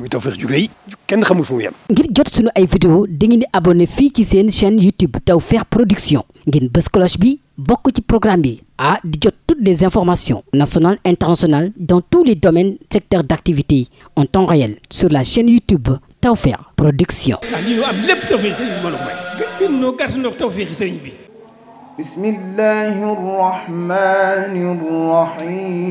muy Tawfekh ju rëy kenn xamul fu mu yem. ngir jot sunu ay vidéo dangeen di abonné fii ci seen chaîne toutes les informations nationales internationales dans tous les domaines secteurs d'activité en temps réel sur la chaîne YouTube Tawfekh Production. ah lii ñu am lépp Tawfekh sëriñ bi mbooloo mooy. gën gën ñoo gàtt ñoo Tawfekh sëriñ bi. bismillahir rahmanir rahim.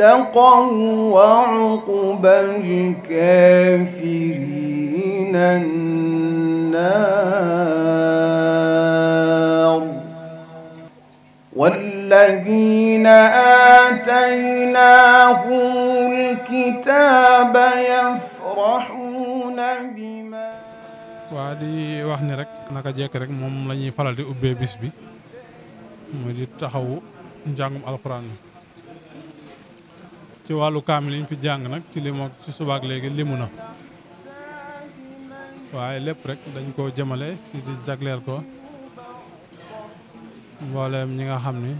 اتقوا وعقبى الكافرين النار والذين آتيناهم الكتاب يفرحون بما waa di wax ni rek naka jekk rek moom la ñuy faral di ubbee bis bi mu di taxawu njàngum alxuraan ci wàllu kaamil yi ñu fi jàng nag ci limo ci subaak léegi limu na waaye lépp rek dañ koo jëmale ci jagleel ko mbooleem ñi nga xam ni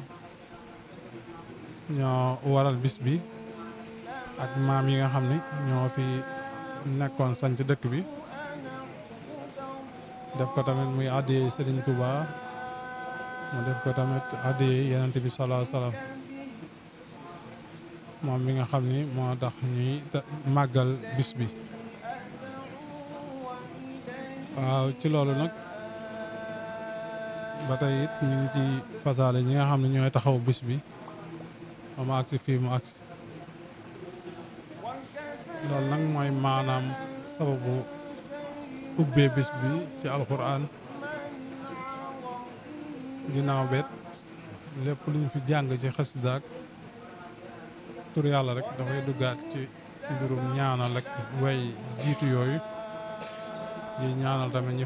ñoo waral bis bi ak maam yi nga xam ni ñoo fi nekkoon sañc dëkk bi def ko tamit muy àddiyee Sëriñ Tuubaa mu def ko tamit àddiyee Yonent bi sallallahu alayhi moom mi nga xam ni moo tax ñuy màggal bis bi waaw ci loolu nag ba tey ñu ngi ci fasaale ñi nga xam ne ñooy taxaw bis bi ba mu agsi fii mu agsi loolu nag mooy maanaam sababu ubbee bis bi ci alxuraan ginnaaw bet lépp lu ñu fi jàng ci xasidaak tur yàlla rek dafay duggaat ci mbirum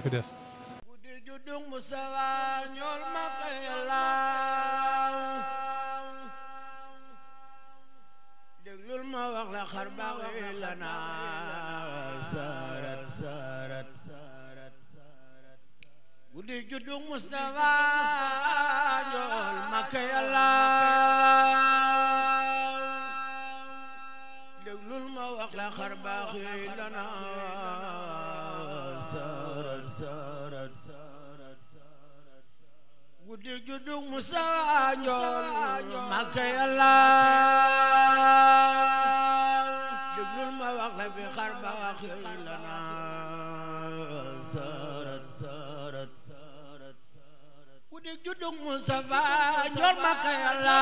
fi des ma wax la xar baax yi la naa sarat sarat sarat guddi juddu Mustafa njool ma kay Allah لنا سارت سارت سارت سارت guddi juddu Musa Njool Makka Yàlla déglul ma wax la fi xar baax lana saarat saarat saarat guddi juddu Musa Njool Makka Yàlla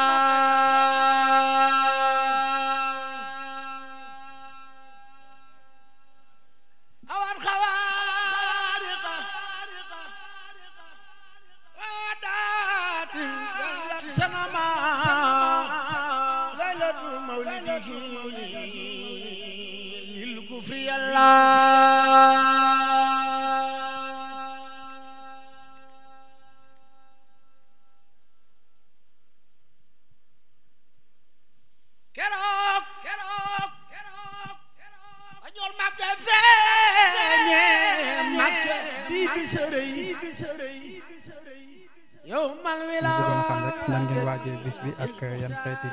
ak euh, yan xeeti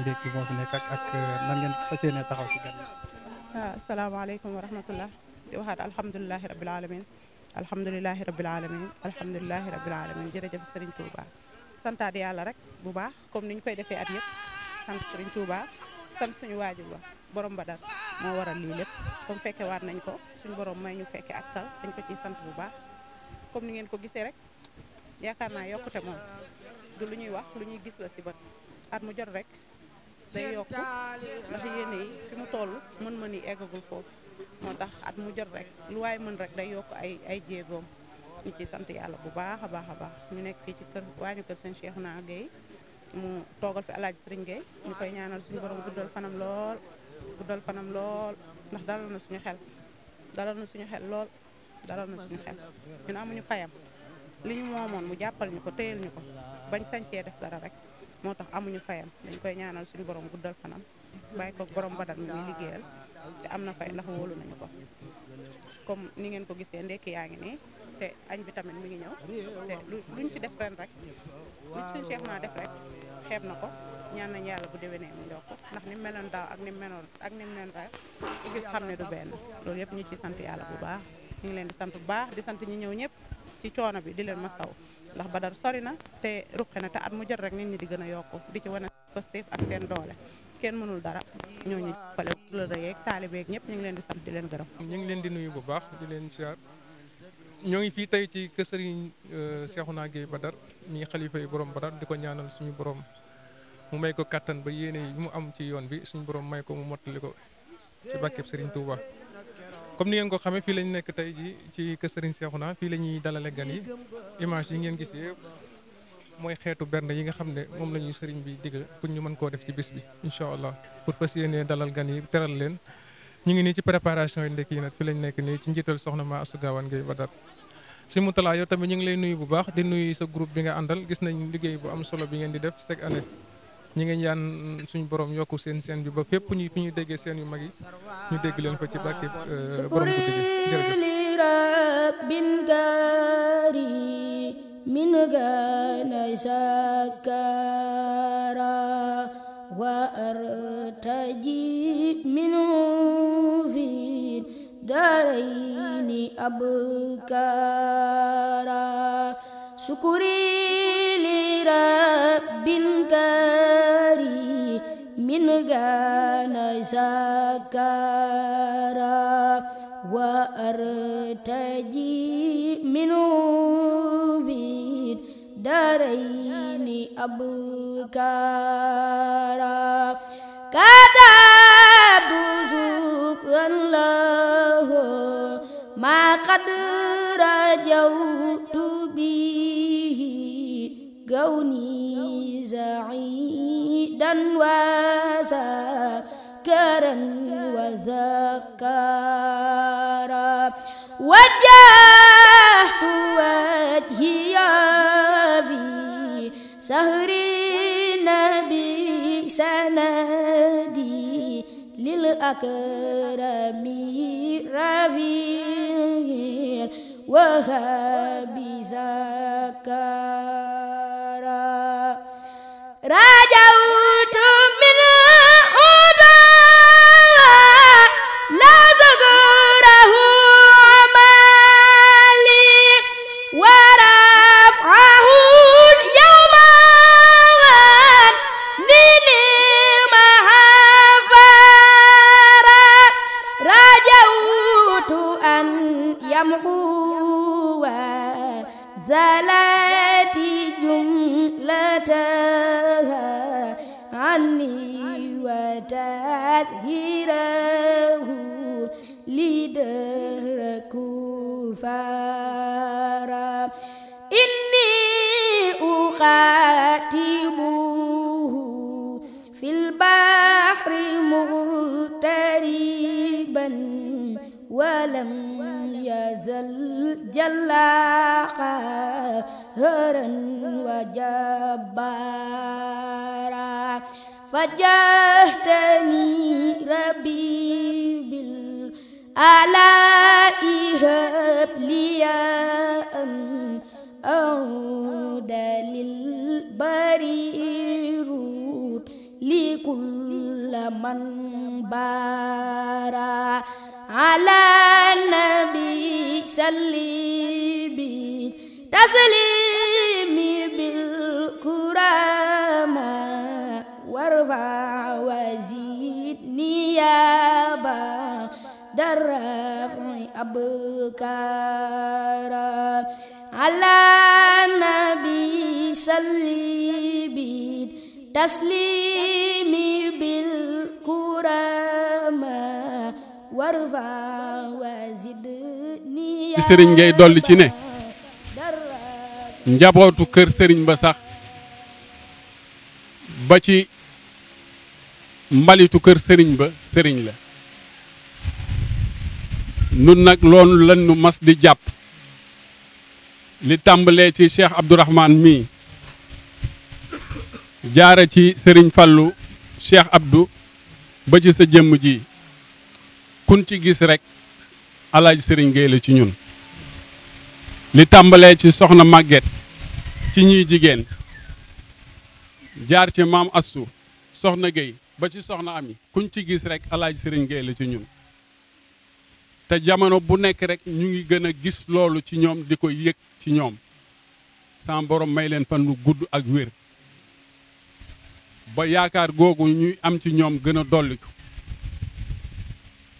ndékki moo fi nekk ak ak euh, nan ngeen fas yéene taxaw ci gan asalaamaaleykum wa rahmatullah di waxaat alhamdulilahi rabil alamin alhamdulilahi rabil alamin alhamdulilahi rabil alamin jërëjëf Serigne Touba santaat yàlla rek bu baax comme ni ñu koy defee at yëpp sant Serigne Touba sant suñu waajur wa borom Badar moo waral lii lépp comme fekke waat nañ ko suñu borom may ñu fekke ak tal dañ ko ciy sant bu baax comme ni ngeen ko gisee rek yaakaar naa yokkute moom du lu ñuy wax lu ñuy gis la si bët at mu jot rek day yokk ndax yéene yi fi mu toll mën-mën yi eggagul foofu moo tax at mu jot rek lu waaye mën rek day yokk ay ay jéegoom ñu ci sant yàlla bu baax a baax a baax ñu nekk fii ci kër waañu kër sëñ Cheikhouna Gueye mu toogal fi alaaji Sëriñ Gueye ñu koy ñaanal suñu borom guddal fanam lool guddal fanam lool ndax dalal na suñu xel dalal na suñu xel lool dalal na suñu xel ñun amuñu payam li ñu moomoon mu jàppal ñu ko téyel ñu ko bañ sañcee def dara rek moo tax amuñu fayam dañ koy ñaanal suñu borom guddal fanam bàyyi ko borom badal mi ñuy liggéeyal te am na fay ndax wóolu nañu ko comme ni ngeen ko gisee ndekki yaa ngi nii te añ bi tamit mu ngi ñëw te luñ ci def ren rek lu ci def rek xeeb na ko ñaan nañ yàlla bu déwénee mu yokk ndax ni meloon daaw ak ni meloon ak ni mel rek ku gis xam ne du benn loolu yëpp ñu ci sant yàlla bu baax ñu ngi leen di sant bu baax di sant ñi ñëw ñëpp ci coono bi di leen ma saw ndax Badar sori na te ruqe na te at mu jot rek nit ñi di gën a yokku di ci wane positif ak seen doole kenn mënul dara ñooñu jàppale la yeeg taalibeeg ñëpp ñu ngi leen di sant di leen gërëm. ñu ngi leen di nuyu bu baax di leen siyaar ñoo ngi fii tey ci kër naa euh, Cheikhouna Gueye Badar mi xalifa yi borom Badar di ko ñaanal suñu borom mu may ko kàttan ba yéene yi mu am ci yoon bi suñu borom may ko mu mottali ko ci bàkkeeb Serigne Touba. comme ni ngeen ko xamee fii lañu nekk tey ji ci kër Serigne Cheikhouna fii la dalale gan yi image yi ngeen gis yëpp mooy xeetu bernde yi nga xam ne moom la ñuy sëriñ bi digg pour ñu mën koo def ci bis bi incha allah pour fas yéenee dalal gan yi teral leen ñu ngi nii ci préparation yi ndekk yi nag fii lañ nekk nii ci njiital soxna ma Asou Gawane ngay Badar si mu talaa yow tamit ñu ngi lay nuyu bu baax di nuyu sa groupe bi nga àndal gis nañ liggéey bu am solo bi ngeen di def chaque année ñi ngi ñaan suñu borom yokk seen seen bi ba fépp ñi fi ñu déggee seen yu mag yi ñu dégg leen ko ci barke euh, borom guddi gi jërëjëf من غنى شكرا وأرتجي منه في دارين أبكارا شكري لرب كريم من كان سكارا وأرتجي منه في الدارين أبكارا كتبت شكرا له ما قد رجوت كوني سعيدا وسكرا وذكارا وجهت وجهي في سهر النبي سندي للأكرم رفيع وهاب زكاه فجهتني ربي بالآلاء هب لي أن أعود للبريرود لكل من بارى على النبي سلي بي تسليم أبكارا على النبي صلي بي تسليم بالكرامة وارفع وزدني ci sëriñ ngay dolli ci ne njabootu kër sëriñ ba sax ba ci mbalitu kër sëriñ ba sëriñ la nun nag loolu lan nu mas di jàpp li tàmbalee ci Cheikh Abdourahman mii jaare ci Serigne Fallou Cheikh Abdou ba ci sa jëmm ji kun ci gis rekk alaaji sëriñ Gueye la ci ñun li tàmbalee ci soxna màgget ci ñuy jigéen jaar ci maam Assou soxna Gueye ba ci soxna Ami kuñ ci gis rek alaaji Serigne Gueye la ci ñun te jamono bu nekk rek ñu ngi gën a gis loolu ci ñoom di ko yëg ci ñoom sama borom may leen fan lu gudd ak wér ba yaakaar googu ñuy am ci ñoom gën a dolliku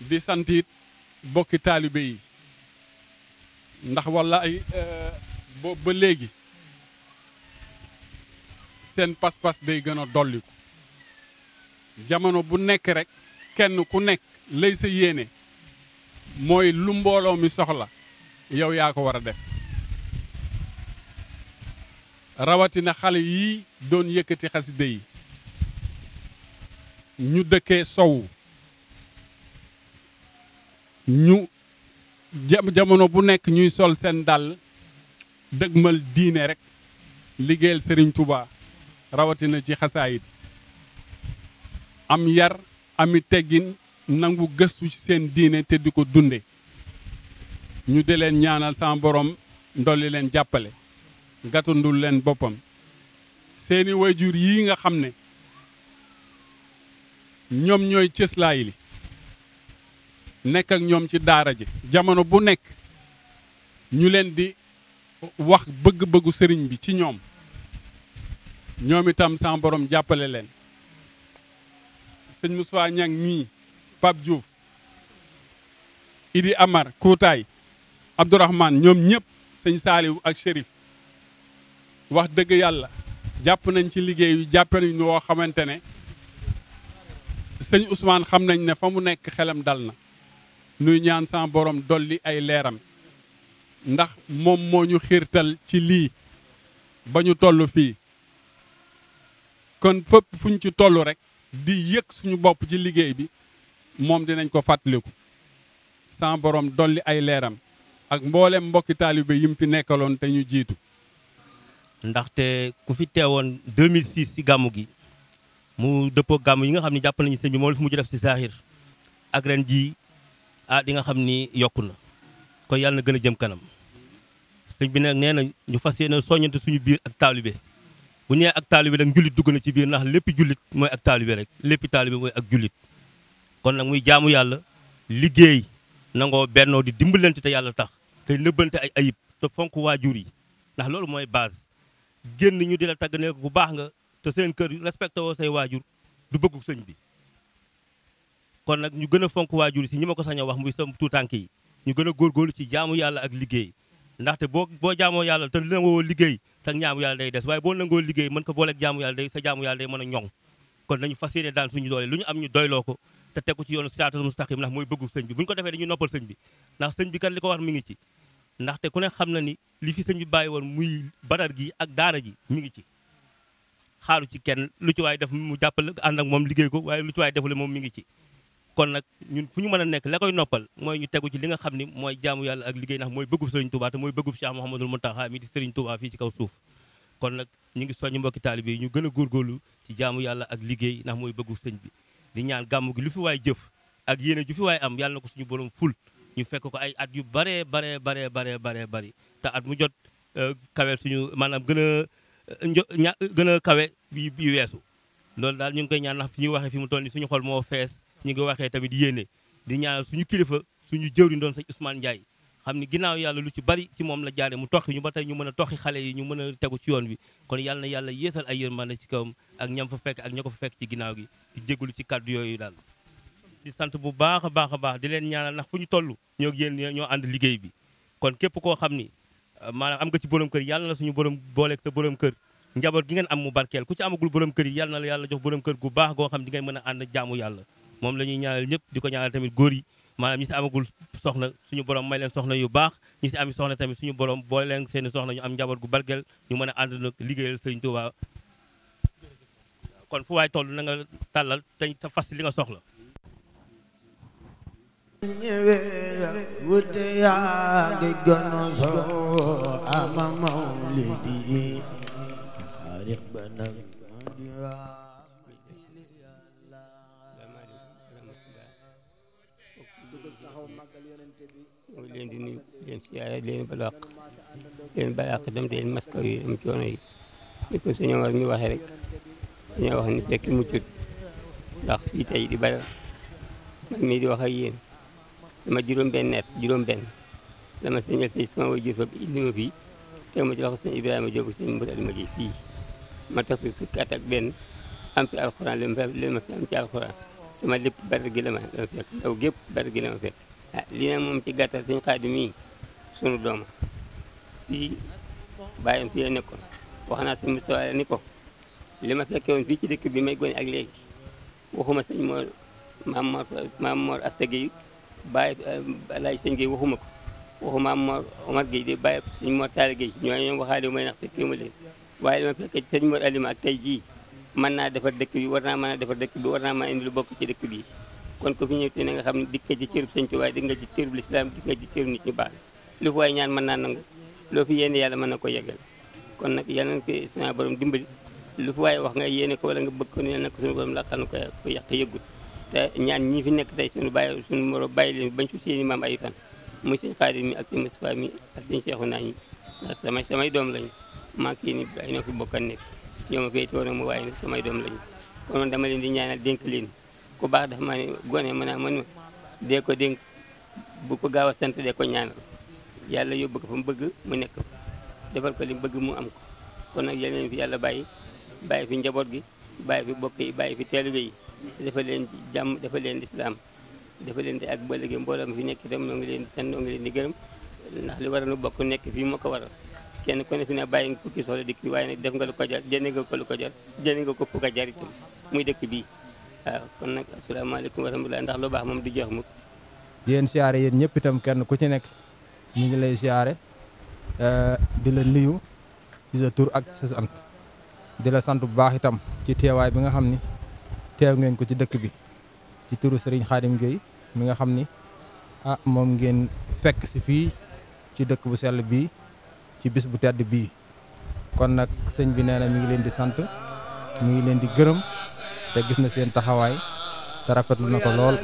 di sant bokki taalibe yi ndax walla ay eh, boobu ba léegi seen pas-pas day gën a dolliku jamono bu nekk rek kenn ku nekk lay sa yéene mooy lu mbooloo mi soxla yow yaa ko war a def rawatina xale yi doon yëkkati xaside yi ñu dëkkee sow ñu jamono bu nekk ñuy sol seen dàll dëgmal diine rekk liggéeyal sëriñ Touba rawatina ci xasaayit am yar ami teggin nangu gëstu ci seen diine te di ko dunde ñu di leen ñaanal sama boroom ndolli leen jàppale gàttandul leen boppam seeni wayjur yi nga xam ne ñoom ñooy cëslaay li nekk ak ñoom ci daara ji jamono bu nekk ñu leen di wax bëgg-bëggu sëriñ bi ci ñoom ñoom itam sama borom jàppale leen sëñ Moussa Niang mii Pape juuf Idi Amar Koutaay Abdourahmane ñoom ñëpp sëñ Saaliw ak Chérif wax dëgg yàlla jàpp nañ ci liggéey yu jàpp nañ ñu woo xamante ne sëñ Ousmane xam nañ ne fa mu nekk xelam dal na nuy ñaan sama borom dolli ay leeram ndax moom moo ñu xiirtal ci lii ba ñu toll fii kon fépp fu ñu ci toll rekk di yëg suñu bopp ci liggéey bi moom dinañ ko fàttaliku sans borom dolli ay leeram ak mboolem mbokki taalibe yi mu fi nekkaloon te ñu jiitu. ndaxte ku fi teewoon 2006 si gàmmu gi mu dëppoo gàmmu yi nga xam ne jàpp nañu sëñ bi moom la def si saaxir ak ren jii ah di nga xam ni yokku na kon yàlla gën a jëm kanam sëñ bi nag nee na ñu fas yéene soññante suñu biir ak taalibe bu ñëwee ak taalibe nag njullit dugg na ci biir ndax lépp jullit mooy ak taalibe rek lépp taalibe mooy ak jullit. kon nag muy jaamu yàlla liggéey nangoo bennoo di dimbalante te yàlla tax te nëbbante ay ayib te fonk waajur yi ndax loolu mooy base génn ñu di la tagg ne bu baax nga te seen kër respecté woo say waajur du bëggu sëñ bi kon nag ñu gën a fonk waajur yi si ñi ma ko sañ wax muy sa tuutànk yi ñu gën a góorgóorlu ci jaamu yàlla ak liggéey ndaxte boo boo jaamoo yàlla te nangoo liggéey sa jaamu yàlla day des waaye boo nangoo liggéey mën ko booleeg jaamu yàlla day sa jaamu yàlla day mën a ñoŋ kon nañu fas daan suñu doole lu ñu am ñu doyloo ko te tegu ci yoonu siraatal mustaqim ndax mooy bëggu sëñ bi bu ñu ko defee dañuy noppal sëñ bi ndax sëñ bi kat li ko war mi ngi ci ndaxte ku ne xam na ni li fi sëñ bi bàyyi woon muy badar gi ak daara ji mu ngi ci xaaru ci kenn lu ci waay def mu jàppale ànd ak moom liggéey ko waaye lu ci waay defule moom mi ngi ci kon nag ñun fu ñu mën a nekk la noppal mooy ñu tegu ci li nga xam ni mooy jaamu yàlla ak liggéey ndax mooy bëggub sëriñ Touba te mooy bëggub Cheikh Mouhamadul Mountakha mi di sëriñ Touba fii ci kaw suuf kon nag ñu mbokki taalibe yi ñu gën a góorgóorlu ci jaamu yàlla ak liggéey ndax mooy sëñ bi di ñaan gàmm gi lu fi waay jëf ak yéene ju waay am yàlla na ko suñu borom ful ñu fekk ko ay at yu baree baree baree baree baree bëri te at mu jot euh, kaweel suñu maanaam gën a euh, gën a kawe yu weesu loolu daal ñu ngi ñaan ndax fi ñuy waxee fi mu toll ni suñu xol moo fees ñu ngi waxee tamit yéene di ñaanal suñu kilifa suñu jëwriñ doon sa usmaan Ndiaye xam ni ginnaaw yàlla lu ci bari ci moom la jaare mu toxi ñu ba tey ñu mën a toxi xale yi ñu mën a tegu ci yoon bi kon yàlla na yàlla yeesal ay yërmande ci kawam ak ñam fa fekk ak ña fekk ci ginnaaw gi di jégalu ci kàddu yooyu daal di sant bu baax a baax a baax di leen ñaanal ndax fu ñu toll ñoo yéen ñoo ànd liggéey bi kon képp koo xam ni euh, maanaam am nga ci borom kër yàlla na suñu borom booleeg sa borom kër njaboot gi ngeen am mu barkeel ku ci amagul borom kër yi yàlla na la yàlla jox borom kër gu baax goo xam di ngay mën a ànd jaamu yàlla moom la ñuy ñaanal ñëpp di ko ñaanal tamit góor yi maanaam ñi si amagul soxna suñu borom may leen soxna yu baax ñi si am soxna tamit suñu borom boole leen seeni soxna ñu am njaboot gu barkeel ñu mën a ànd nag liggéeyal Sëriñ Tuubaa kon fu waay toll na tàllal te fas li nga soxla yàlla leen balaq leen balaq dem leen maskaw yi am coono yi ni ko sëñ Omar mi waxee rek dañoo wax ni fekk muccut ndax fii tey di bala man mii di wax ak yéen dama juróom-benn net juróom-benn dama sëñal fii sama wajur fa indi ma fii teg ma ci loxo sëñ Ibrahima Diop sëñ Mbodj ma ji ma toog fi fukki at ak benn am fi alxuraan li ma fi am ci alxuraan sama lépp bari gi la ma ma fekk ah, lii nag moom ci gàttal sëñ Xaadim sunu doom fii bàyyam fii la nekkoon wax naa sëñ Moussa ni ko li ma fekke woon fii ci dëkk bi may gone ak léegi waxuma sëñ Mor maam Mor maam Mor Asta Gueye bàyyi Alaaji sëñ Gueye waxuma ko waxu maam Mor Omar Gueye de bàyyi sëñ Mor Talla waxaale may nax fekke ma leen waaye li ma fekke sëñ Mor Alima ak tey jii man naa defar dëkk bi war naa mën a defar dëkk bi war naa mën indi lu bokk ci dëkk bi kon ko fi ñëw te na nga xam ne dikk nga ci cërub sëñ Tuubaa dikk nga cërub lislaam dikk nga ñu baax lu fi waaye ñaan man naa nangu loo fi yéene yàlla mën na ko yeggale kon nag yàlla na ko suñu borom dimbali lu fi waaye wax nga yéene ko wala nga bëgg ko yàlla na ko suñu borom laqal na ko yàq yëggul te ñaan ñi fi nekk tey suñu bàyyi suñu moro bàyyi leen bañ su seeni maam ay fan muy sëñ Xaadim mi ak sëñ Moustapha mi ak sëñ Seexu naa ñi ndax samay doom lañu maa kii ni ay na fi bokkan nekk ñoo ma féetewoo nag mu waaye nag samay doom lañu kon man dama leen dénk leen baax dafa ma ne gone mën naa mën ko dénk bu ko gaaw a sant dee ko ñaanal yàlla yóbbu ko fa mu bëgg mu nekk defal ko li mu bëgg mu am ko kon nag yal leen fi yàlla bàyyi bàyyi fi njaboot gi bàyyi fi bokk yi bàyyi fi taalibe yi dafa leen jàmm dafa leen lislaam dafa leen di ak bëllëgi mbooloom fi nekk itam noo ngi leen di sant leen di gërëm ndax li war nu bokk nekk fii mu ko war waral kenn ku ne fi ne bàyyi nga tukki soxla dikk waaye nag def nga ko jar jënd nga ko lu ko jar jënd nga ko fu ko jar itam muy dëkk bii waaw kon nag asalaamaaleykum wa rahmatulah ndax lu baax moom du jox mukk yéen siyaare yéen ñëpp itam kenn ku ci nekk ñu ngi lay siyaare euh, di la nuyu ci sa tur ak sa sant di la sant bu baax itam ci teewaay bi nga xam ni teew ngeen ko ci dëkk bi ci turu Serigne Khadim Gueye mi nga xam ni ah moom ngeen fekk si fii ci dëkk bu sell bi ci bis bu tedd bii kon nag sëñ bi nee na mi ngi leen di sant mu ngi leen di gërëm te gis na seen taxawaay te rafetlu na ko lool.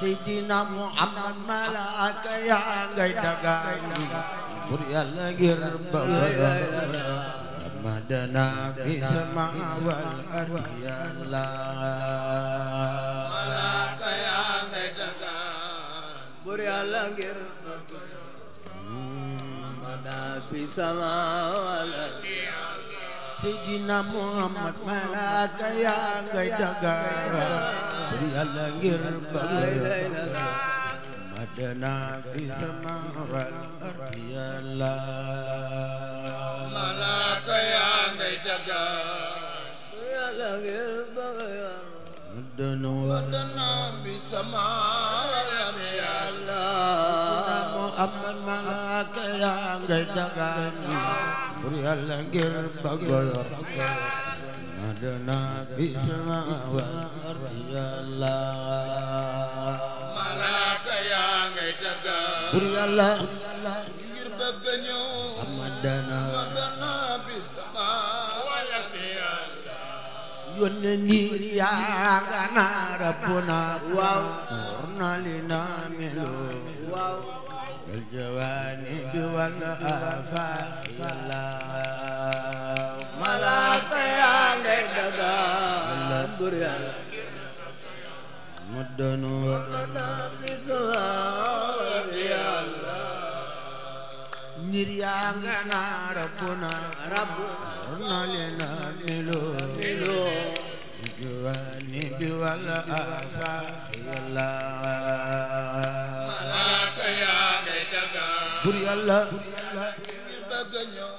Seydina Muhammad malaaka yaa ngay dagaan pour yàlla ngir bëgga ramadana fi samaa wal ardi yàlla malaaka yaa ngay dagaan pour yàlla ngir bëgga ramadana fi samaa wal ardi yàlla Seydina Muhammad malaaka yaa ngay dagaan yàlla ngir bëgg madana fi sama wal yàlla malaaka yaa ngay jaga yàlla ngir bëgg madana madana fi sama wal yàlla Muhammad malaaka yaa ngay jaga yàlla ngir bëgg عهدنا بسمع والأرض الله ملاك يا غيتك بري الله غير ببنيو أمدنا وغنا بسمع يونير يا غنا ربنا واو ورنا لنا ملو واو الجوانب والآفاق bur yàlla mu doonu ngir yaa nga naa rabbuna rabbuna na leen milo milo juwaani bi walla afaax yàlla malaaka yaa day daga bur yàlla ngir bëgg ñëw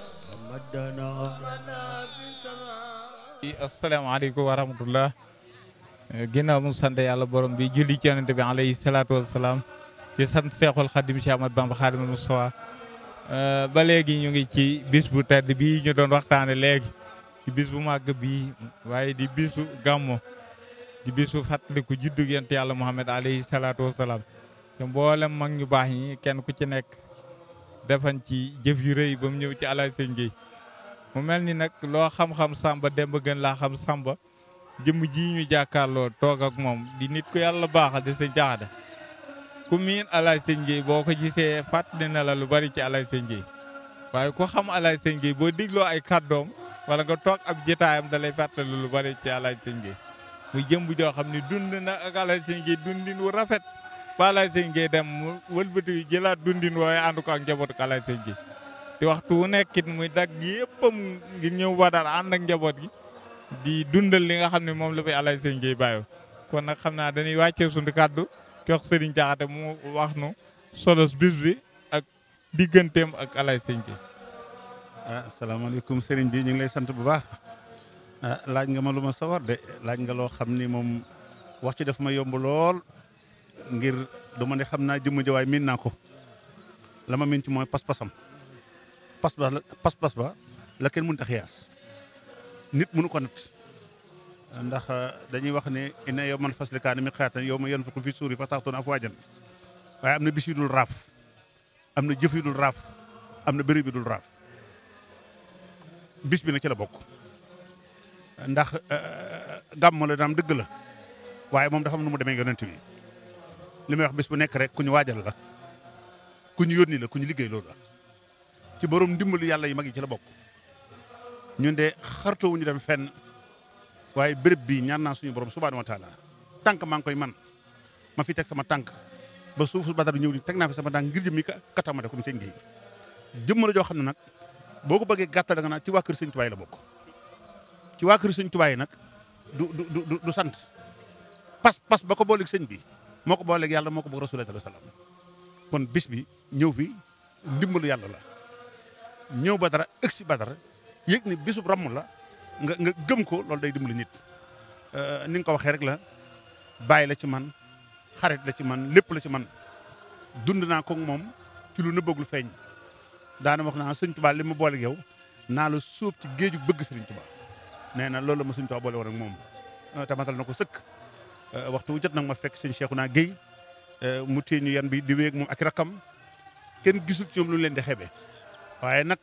mu doonu asalaamaaleykum wa rahmatullah ginnaaw mu sant yàlla borom bi julli ci bi alayhi salaatu wasalaam di sant seexul xadim si amat Ahmad Bamba xaadimal Mustafa ba léegi ñu ngi ci bis bu tedd bii ñu doon waxtaane léegi ci bis bu màgg bii waaye di bisu gàmmo di bisu fàttaliku juddug yonent yàlla Muhammad alayhi salaatu wasalaam te mag ñu baax ñi kenn ku ci nekk defan ci jëf yu rëy ba mu ñëw ci alay sëñ Gueye mu mel ni nag loo xam-xam sàmba demb gën laa xam sàmba jëmm ji ñu jàkkaarloo toog ak moom di nit ku yàlla baaxal di sa jaxada ku miin alaaj sëñ Gueye boo ko gisee fàttali na la lu bari ci alaaj sëñ Gueye waaye ku xam alaaj sëñ Gueye boo digloo ay kàddoom wala nga toog ab jitaayam dalay lay fàttali lu bari ci alaaj sëñ Gueye mu jëmb joo xam ni dund na ak alaaj sëñ Gueye dundin wu rafet ba alaaj sëñ Gueye dem mu wëlbati jëlaat dundin wooye ànd ko ak njabootu alaaj sëñ Gueye di waxtu wu nekkit muy dagg yëppam ngir ñëw Badar ànd ak njaboot gi di dundal li nga xam ne moom la fi alay sëñ Gueye bàyyi kon nag xam naa dañuy wàccee suñu kàddu jox Serigne Diakhaté mu wax nu solos bis bi ak digganteem ak alay sëñ Gueye. ah asalaamaaleykum Serigne bi ñu ngi lay sant bu baax ah, laaj nga ma lu ma sawar de laaj nga loo xam ni moom wax ci daf ma yomb lool ngir du ma ne xam naa jëmm ja miin naa ko la ma miin ci mooy pas-pasam. pas ba pas pas ba la kenn mënut a xiyaas nit mënu ko nat ndax euh, dañuy wax ne inna yawmal fasli kaana miqaatan yawma yunfaxu fi suuri fa taxtuuna afwaajan waaye am na bis yu dul raaf am na jëf yu dul raaf am na bëri bi dul raaf bis bi nag ci la bokk ndax euh, gàmmu la daam dëgg la waaye moom dafa am mu demee yonent bi li may wax bis bu nekk rek ku ñu waajal la ku ñu yónni la ku ñu liggéey loolu la ci borom ndimbalu yàlla yi mag yi ci la bokk ñun de xartoowu ñu dem fenn waaye béréb bii ñaan naa suñu borom subhaanahu wa tànk maa ngi koy man ma fi teg sama tànk ba suuf suufu Badar ñëw ni teg naa fi sama tànk ngir jëm yi katamate comme seen géej jëmm la joo xam ne nag boo ko bëggee gàttal da nga naan ci waa kër Sëñ Tuubaa la bokk ci waa kër Sëñ Tuubaa nag du du du du sant pas pas ba ko booleeg seen bi moo ko booleeg yàlla moo ko bëgg Rasulullah sallallahu alayhi bis bi ñëw fi ndimbalu yàlla la. ñëw ba dara ëgsi ba dara yéeg ni bisub ramm la nga nga gëm ko loolu day dimbali nit euh, ni nga ko waxee rek la bàyyi la ci man xarit la ci man lépp la ci man dund naa kook moom ci lu nëbbagul feeñ daana wax naa sëñ Tuubaa li ma boole yow naa la sóob ci géeju bëgg sëriñ Tuubaa nee na loolu la ma sëñ Tuubaa boole woon ak moom euh, te matal na ko sëkk euh, waxtu jot nag ma fekk sëñ naa Guèye mu téye ñu yan bi di wéeg moom ak rakam kenn gisul ci moom lu leen di xebe waaye nag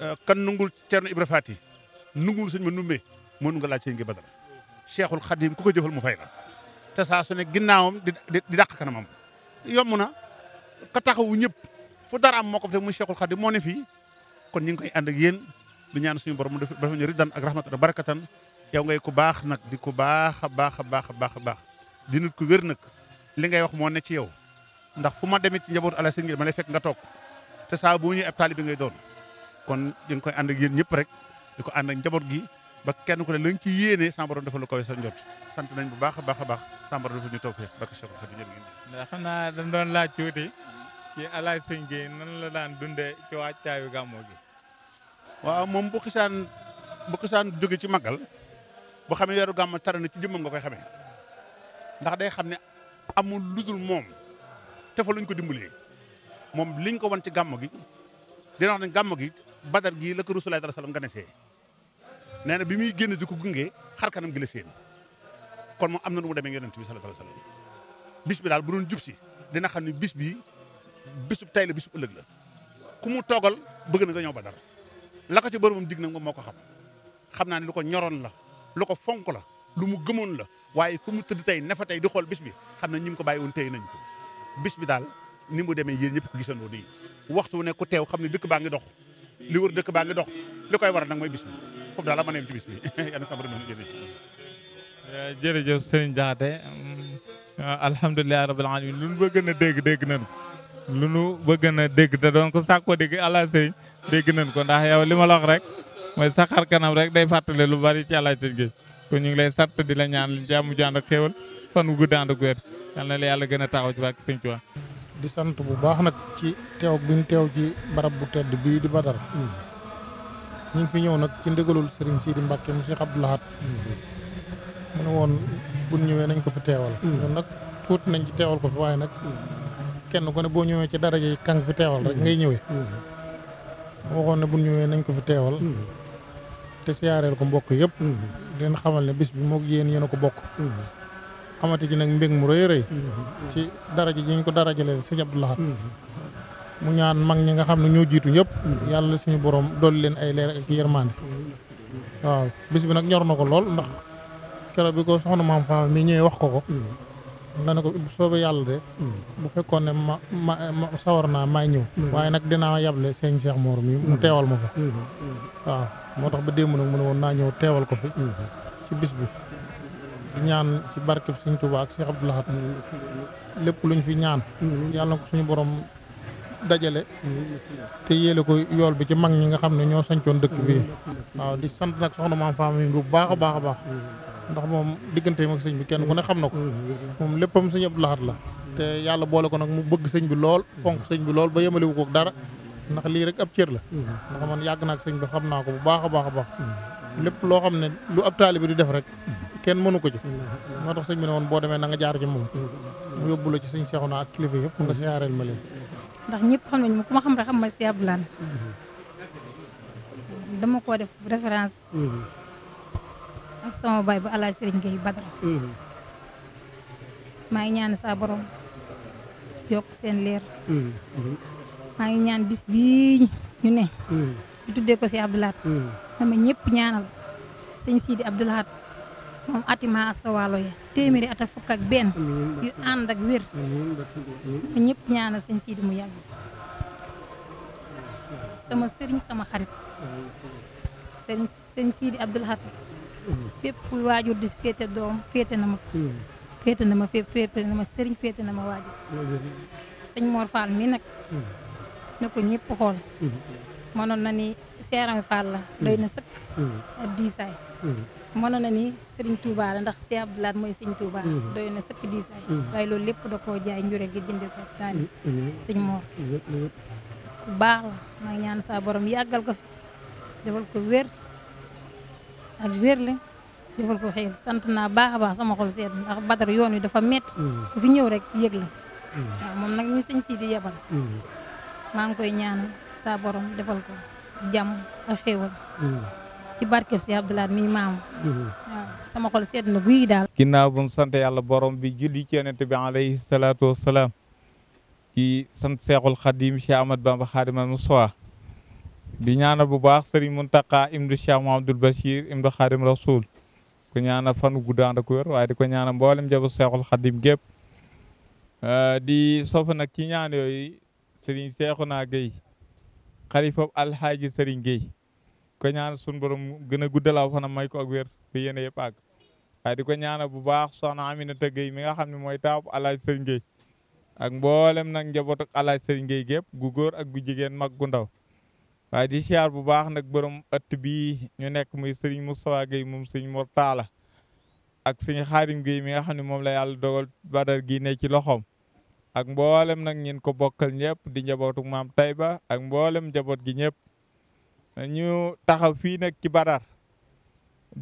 euh, kan nungul Ceerno Ibra Faati nungul sëñ ma nummee mënu nga laaj sëñ gi Badara Cheikhul Khadim ku ko jëfal mu fay la te saa su ne ginnaawam di di dàq kanamam yomb na ka taxawu ñëpp fu dara am moo ko fa mu Cheikhul Khadim moo ne fii kon ñu ngi koy ànd ak yéen di ñaan suñu borom mu def dafa ñu riddan ak rahmatan barakatan yow ngay ku baax nag di ko baax a baax a baax a baax a baax di nit ku wér nag li ngay wax moo ne ci yow ndax fu ma demee ci njabootu ala sëñ ma lay fekk nga toog te saa bu ñuy ab taalibe ngay doon kon ñu koy ànd ak yéen ñëpp rek di ko ànd ak njaboot gi ba kenn ku ne la ci yéene sàmbaroon dafa lu kawe sa njot sant nañ bu baax a baax a baax sàmbaroon dafa ñu toog fee bakk Cheikh Ousmane jërë ngeen ndax dañ doon laaj tuuti ci alaaj sëñ gi nan la daan dundee ci wàccaayu gàmmo gi waaw moom bu xisaan bu xisaan jóge ci màggal bu xamee weeru gàmm tara na ci jëmmam nga koy xamee ndax day xam ne amul ludul moom te fa luñ ko dimbalee moom liñ ko wan ci gàmm gi dina wax ne gàmm gi badar gii la ko Rasulullah sallallahu alayhi wasallam ganesee nee na bi muy génn di ko gunge xar kanam gi la seen kon moom am na nu mu demee yonent bi sallallahu alayhi wasallam bis bi daal bu doon jub si dina xam ni bis bi bisub tay la bisub ëllëg la ku mu toogal bëgg na nga ñëw badar la ko ci digg na nga moo ko xam xam naa ne lu ko ñoroon la lu ko fonk la lu mu gëmoon la waaye fu mu tëdd tey ne fa tey di xool bis bi xam ne ñi mu ko bàyyi woon tey nañ bis bi daal ni mu demee yéen ñëpp ko gisandoo nii waxtu wu ne ku teew xam ne dëkk baa ngi dox li wër dëkk baa ngi dox li koy waral nag mooy bis bi foofu daal la mën a yem ci bis bi yàlla sabar noonu jërëjëf eh, jërëjëf sëriñ Jaxate mm, ah, alhamdulilah rabbil alamin lu nu bëgg na dégg dégg nañu lu nu bëgg na dégg te doon ko sàkko dégg ala sëy dégg nañu ko ndax yow li ma la wax rek mooy saxar kanam rek day fàttale lu bari ci àla sëñ géej ñu ngi lay sant di la ñaan li jàmm jànd ak xéewal fan wu gudd ànd yàlla gën a taxaw ci bàkk sëñ Tuubaa di sant bu baax nag ci teew biñ teew ci barab bu tedd bii di Badar mm. ñu fi ñëw nag ci ndigalul Serigne Sidi di mu Cheikh si Lahad mm. mu ne woon bu ñëwee nañ ko fi teewal ñun mm. nag tuuti nañ ci teewal ko fi waaye nag kenn ku ne boo ñëwee ci daraja yi kang fi teewal rek ngay ñëwee waxoon ne bu ñëwee nañ ko fi teewal te siyaareel ko mbokk yëpp dinañ xamal ne bis bi moo yéen yéen a ko bokk amati ji nag mbég mu rëy rëy mm-hmm. ci daraja ji ñu ko darajalee sëñ Abdou Lahad mm-hmm. mu ñaan mag ñi nga xam ne ñu jiitu ñëpp mm-hmm. yàlla suñu borom dool leen ay leer ak yërmande waaw bis bi nag ñoru na ko lool ndax keroog bi ko soxna maam Faama mi ñëwee wax ko ko ne ko soobee yàlla de bu fekkoon ne ma ma sawar naa maay ñëw waaye nag dinaa yable sëñ Cheikh Mor mi mu teewal ma fa waaw moo tax ba démb nag mu ne woon naa ñëw teewal ko fi ci bis bi di ñaan ci barkeb Sëñ Tuubaa ak Cheikh Abdou Lahad lépp luñ fi ñaan yàlla na ko suñu borom dajale te yéele ko yool bi ci mag ñi nga xam ne ñoo sancoon dëkk bi waaw di sant nag soxna maam faam yi bu baax a baax a baax ndax moom diggante yi sëñ bi kenn ku ne xam na ko moom léppam sëñ Abdou Lahad la te yàlla boole ko nag mu bëgg sëñ bi lool fonk sëñ bi lool ba yemaliwu ko dara ndax lii rek ab cër la ndax man yàgg naa ak sëñ bi xam naa ko bu baax a baax a baax lépp loo xam ne lu ab bi di def rek kenn mënu ko ci moo tax sëñ bi ne woon boo demee na nga jaar ci moom mu yóbbu la ci sëñ Seexuna ak kilifa yëpp nga siyaareel ma leen ndax ñëpp xam nañu ku ma xam rek xam ma si Abdoulaye koo def référence ak sama baay bi Alaaji Sëriñ Gueye maa ngi ñaan saa borom yokk seen leer maa bis bii ñu ne ñu tuddee ko si Abdoulaye dama ñëpp ñaanal sëñ Sidi Abdou Lahad moom atima asawaalo ya téeméeri at ak fukk ak benn yu ànd ak wér ma ñëpp ñaanal sëñ Sidi mu yàgg sama sëriñ sama xarit sëriñ sëñ Sidi Abdou Lahad fépp kuy waajur di féete doom féete na ma féete na ma fépp féete na ma sëriñ féete na ma waajur sëñ Mor Fall mi nag ne ko ñëpp xool mm-hmm. mënoon Cheikh Ibra Fall la doy na sëkk mm-hmm. ab mm-hmm. na ni Serigne Touba la ndax Cheikh Abdou Lahad mooy Serigne Touba mm-hmm. doy na sëkk diisaay waaye loolu lépp da koo jaay njureel gi jënde ko taani sëñ Mor ku baax saa borom yàggal ko fi defal ko wér ak wér la defal ko xëy sant naa baax a baax sama xol seet ndax badar yoon wi dafa metti ku ñëw rek yëg la waaw moom nag ñu sëñ Sidi yebal maa ngi koy saa borom defal jàmm ak xéewal hmm. ci barkeb si Abdoulaye mi sama xol seet na guy daal ginnaaw bu sant yàlla borom bi julli ci yonent bi alayhi salaatu wasalaam ci sant seexul xadim Cheikh Ahmad Bamba Xaadimal Mustafa di ñaanal bu baax sëriñ Muntaqa imdu Cheikh Mahamadul Bachir imdu Xaadim Rasul ko ñaanal fan guddaan ak wér waaye di ko ñaanal mboolem jabu seexul xadim gépp di sofa nag ci ñaan yooyu sëriñ Seexuna Gey xalifa alxaaji sëriñ Gueye ko ñaan sun borom gën a guddalaaw fana may ko ak wér ba yéen yëpp àgg waaye di ko ñaanal bu baax soxna Aminata Gueye mi nga xam ne mooy taaw alxaaji sëriñ Gueye ak mboolem nag njaboot ak alxaaji sëriñ Gueye gu góor ak gu jigéen mag gu ndaw waaye di siyaar bu baax nag borom ëtt bi ñu nekk muy sëriñ Moustapha Gueye moom sëriñ Mor ak suñu xaarim Gueye mi nga xam ne moom lay yàlla dogal badar gi ne ci loxoom ak mboolem nag ñin ko bokkal ñépp di njabootu maam Tayba ak mboolem njaboot gi ñëpp ñu taxaw fii nag ci Badar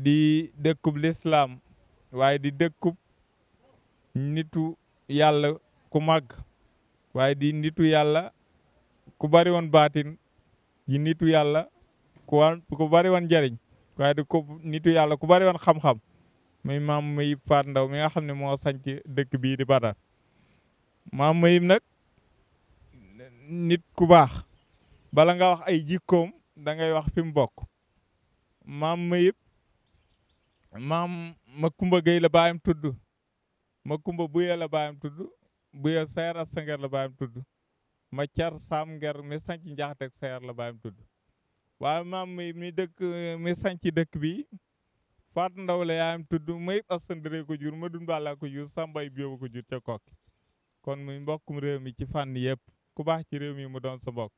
di dëkkub lislaam waaye di dëkkub nitu yàlla ku màgg waaye di nitu yàlla ku bari woon baatin di nitu yàlla ku wan bari woon njariñ waaye di ko nitu yàlla ku bari woon xam-xam mam maam muy faat ndaw mi nga xam ne moo sanc dëkk bii di Badar maam Mayib nag nit ku baax bala nga wax ay jikkoom da wax fi mu bokk maam Mayib maam Makumba Gueye la baayam tudd Makumba Buye la baayam tudd Buye Seer ak Sanger la baayam tudd ma car saam nger mi sanc njaxteg Seer la baayam tudd waaye maam Mayib mi dëkk sanc dëkk bi Faat Ndaw la yaayam tudd Mayib Assane Dere ko jur Madun Balla ko jur Sambay Bioba ko jur kon muy mbokkum réew mi ci fànn yëpp ku baax ci réew mi mu doon sa mbokk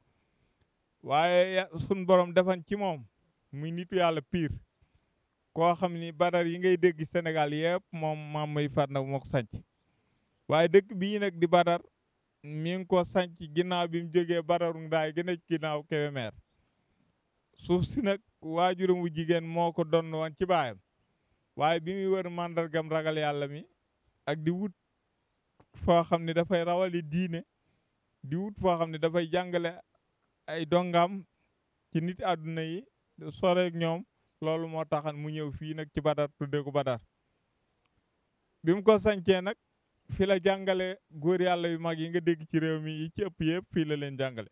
waaye sun borom defan ci moom muy nitu yàlla piir koo xam ni badar yi ngay dégg Sénégal yëpp moom maam muy fànn moo ko sanc waaye dëkk bi bii nag di badar mi ngi ko sanc ginnaaw bi mu jógee badaru ndaay gën a ginnaaw Kébémer suuf si nag waajuram wu jigéen moo ko donn woon ci baayam waaye bi muy wër màndargam ragal yàlla mi ak di wut foo xam ne dafay rawali diine di wut foo xam ne dafay jàngale ay dongaam ci nit àdduna yi soreek ñoom loolu moo taxan mu ñëw fii nag ci Badar tudde ko Badar bi mu ko sancee nag fi la jàngale góor yàlla yu mag yi nga dégg ci réew mi yi ci ëpp yëpp fii la leen jàngale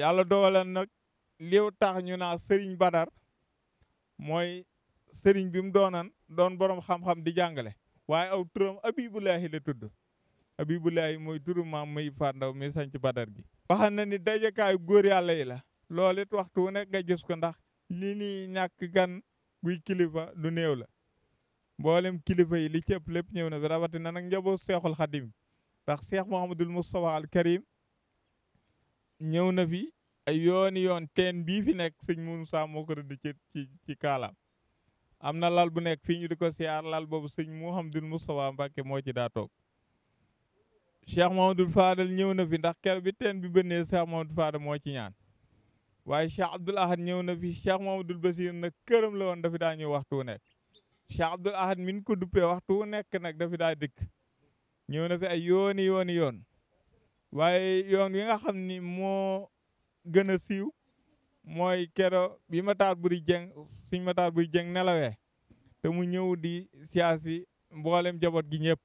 yàlla dogalan nag liw tax ñu naa sëriñ Badar mooy sëriñ bi mu doonan doon boroom xam-xam di jàngale waaye aw turam abibulaahi la tudd abibulaahi mooy turu maam muy faat ndaw mi sanc badar gi wax na ni dajakaayu góor yàlla yi la loolu it waxtu wu nekk nga gis ko ndax li nii ñàkk gan guy kilifa du néew la mboolem kilifa yi li ci ëpp lépp ñëw na bi rawatina nag njaboot seexul xadim ndax seex Muhammadul Mustafa al Karim ñëw na fi ay yooni yoon teen bii fi nekk sëñ Moussa moo kë rëdd ci ci ci kaalaam am na lal bu nekk fii ñu di ko siyaar lal boobu sëñ Mouhamadul Moustapha Mbacke moo ci daa toog Cheikh Mamadou Fadal ñëw na fi ndax ker bi teen bi bënnee Cheikh Mamadou Fadal moo ci ñaan waaye Cheikh Abdoul Ahad ñëw na fi Cheikh Mamadou Basir nag këram la woon dafi daa ñëw waxtu wu nekk Cheikh Abdoul Ahad min ko duppee waxtu nekk nag dafi daa dikk ñëw na fi ay yooni yooni yoon waaye yoon wi nga xam ni moo gën a mooy kero bi Matar Boury Dieng suñ Matar Boury Dieng nelawee te mu ñëw di siyaasi mboolem jaboot gi ñëpp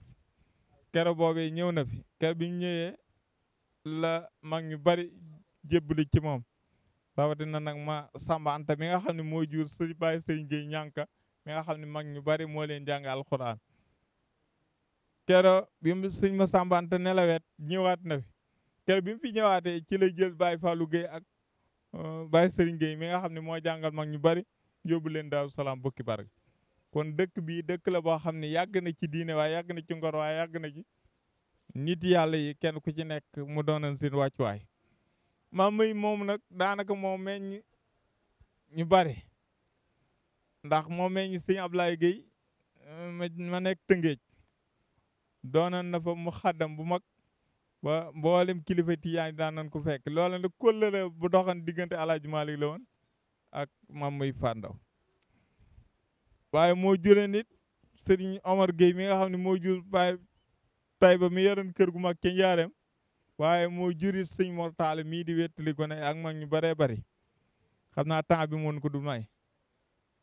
kero boobee ñëw na fi kero bi mu ñëwee la mag ñu bari jébbali ci moom rawatina nag ma Samba Anta mi nga xam ne moo jur sëñ Baye sëñ Gueye mi nga xam ni mag ñu bari moo leen jàng alxuraan kero bi mu sëñ ma Samba Anta nelawet ñëwaat na fi kero bi mu fi ñëwaatee ci la jël Baye Fallou Gueye ak Euh, Baye sëriñ Gueye mi nga xam ne moo jàngal mag ñu bari yóbbu leen Daaru Salaam bokki kon dëkk bii dëkk la boo xam ne yàgg na ci diine waa yàgg na ci ngor waaye yàgg na ci nit yàlla yi kenn ku ci nekk mu doonan seen wàccuwaay maam may moom nag daanaka moo meññ ñu bari ndax moo meññ sëñ Ablaye Gueye euh, ma nekk Tëngéej doonan na fa mu xaddam bu mag ba mboolem kilifa tiyaan daan nañ ko fekk loola nag kóllëre bu doxan diggante Alaaji Maalik la woon ak mam muy fàndaw waaye moo jure nit sëriñ Omar mi nga xam ne moo jur baay tay ba kër gu mag ca njaareem waaye moo jurit sëñ mortaale mii di wettali ko ak mag ñu baree bari xam naa temps bi moon ko du may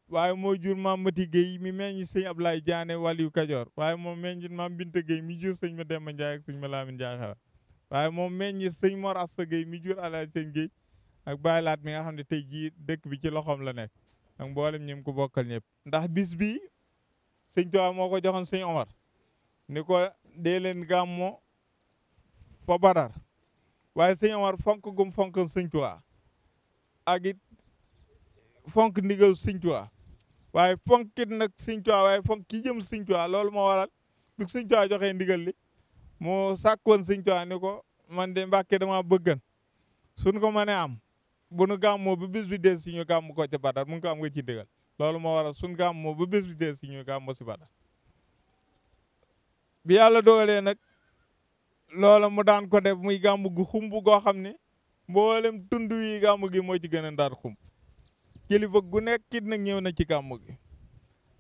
waaye moo jur maam Mati Gueye mi meññ sëñ Ablaye Diané wàllu Kajoor waaye moom meññ maam Binta Gueye mi jur sëñ ma Demba Ndiaye ak sëñ ma Lamine Ndiaye waaye moom meññi sëñ Mor Asta Gueye mi jur Alaaji Sëñ Gueye ak Baye Laat mi nga xam ne tey jii dëkk bi ci loxoom la nekk ak mboolem ñi ko bokkal ñëpp. ndax bis bi sëñ Tuubaa moo ko joxoon sëñ Omar ni ko dee leen gàmmo fa Badar waaye sëñ Omar fonk gum fonkoon sëñ Tuubaa ak fonk ndigal sëñ Tuubaa waaye fonkit nag sëñ Tuubaa waaye fonk ki jëm sëñ Tuubaa loolu moo waral du sëñ Tuubaa joxee ndigal li moo sàkkoon sëñ Tuubaa ni ko man de Mbàkke dama bëggan suñ ko mënee am bu nu gàmmoo bu bis bi dee si ñu gàmm ko ci Badar mu ko am nga ci dëggal loolu moo waral suñ gàmmoo bu bis bi dee si ñu gàmmo si Badar bi yàlla doolee nag loola mu daan ko def muy gàmm gu xumb goo xam ni mboolem tund yi gàmm gi moo ci gën a ndaat xumb kilifa gu nekk it nag ñëw na ci gàmm gi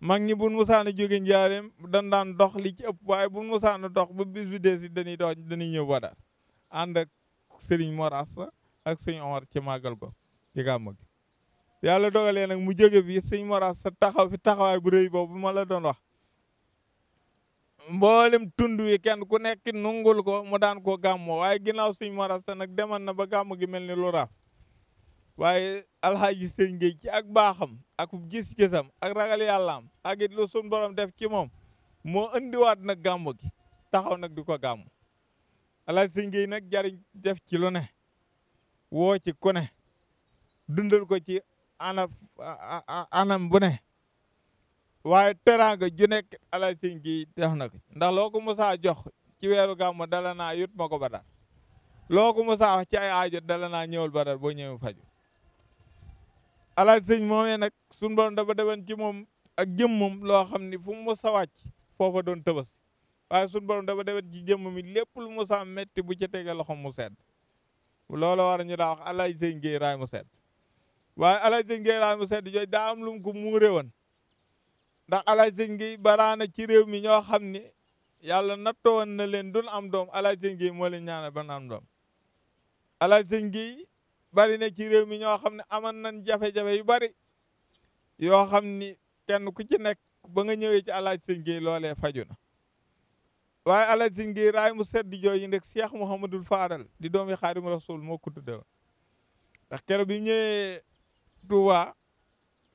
mag ñi buñ musaana jóge njaareem dañ daan dox li ci ëpp waaye buñ musaana dox ba bis bi dee si dañuy dox dañuy ñëw wada ànd ak sëriñ Moras ak sëñ Omar ci màggal ko ci gàmm gi yàlla dogalee nag mu jóge bi sëñ Moras sa taxaw fi taxawaay bu rëy boobu ma la doon wax mboolem tund wi kenn ku nekk nungul ko mu daan koo gàmmoo waaye ginnaaw sëñ Moras nag demal na ba gàmm gi mel ni lu waaye alxaaji sëñ Gueye ci ak baaxam ak gis-gisam ak ragal yàllaam ak it lu sun borom def ci moom moo indiwaat nag gàmmu gi taxaw nag di ko gàmmu alxaaji sëñ Gueye nag jariñ def ci lu ne woo ci ku ne dundal ko ci ana anam bu ne waaye teraanga ju nekk alxaaji sëñ def na ko ndax loo ko musaa jox ci weeru gàmmu dala naa yut ma ko badar loo ko musaa wax ci ay aajo dala naa ñëwul badar boo ñëwee faju alaaj sëñ moomee nag suñu borom dafa defoon ci moom ak jëmmam loo xam ni fu mu mos a wàcc foofa doon tëbas waaye suñu borom dafa defoon ci jëmm mi lépp lu mos a metti bu ca tege loxom mu sedd loolo war ñu daa wax alaaj sëñ Géey raay mu sedd waaye alaaj sëñ Géey raay mu sedd jooju daa am lu mu ko ndax alaaj sëñ Géey baraana ci réew mi ñoo xam ni yàlla nattoo woon na leen dun am doom alaaj sëñ Géey moo leen ñaanal bari na ci réew mi ñoo xam ne amoon nañ jafe-jafe yu bari yoo xam ni kenn ku ci nekk ba nga ñëwee ci alaaj sëñ Gueye loolee faju na waaye alaaj sëñ Gueye raay mu sedd jooyu ndek Cheikh Mouhamadul Faadal di doomi Xaadim Rasul moo ko tudde ndax keroog bi ñëwee Touba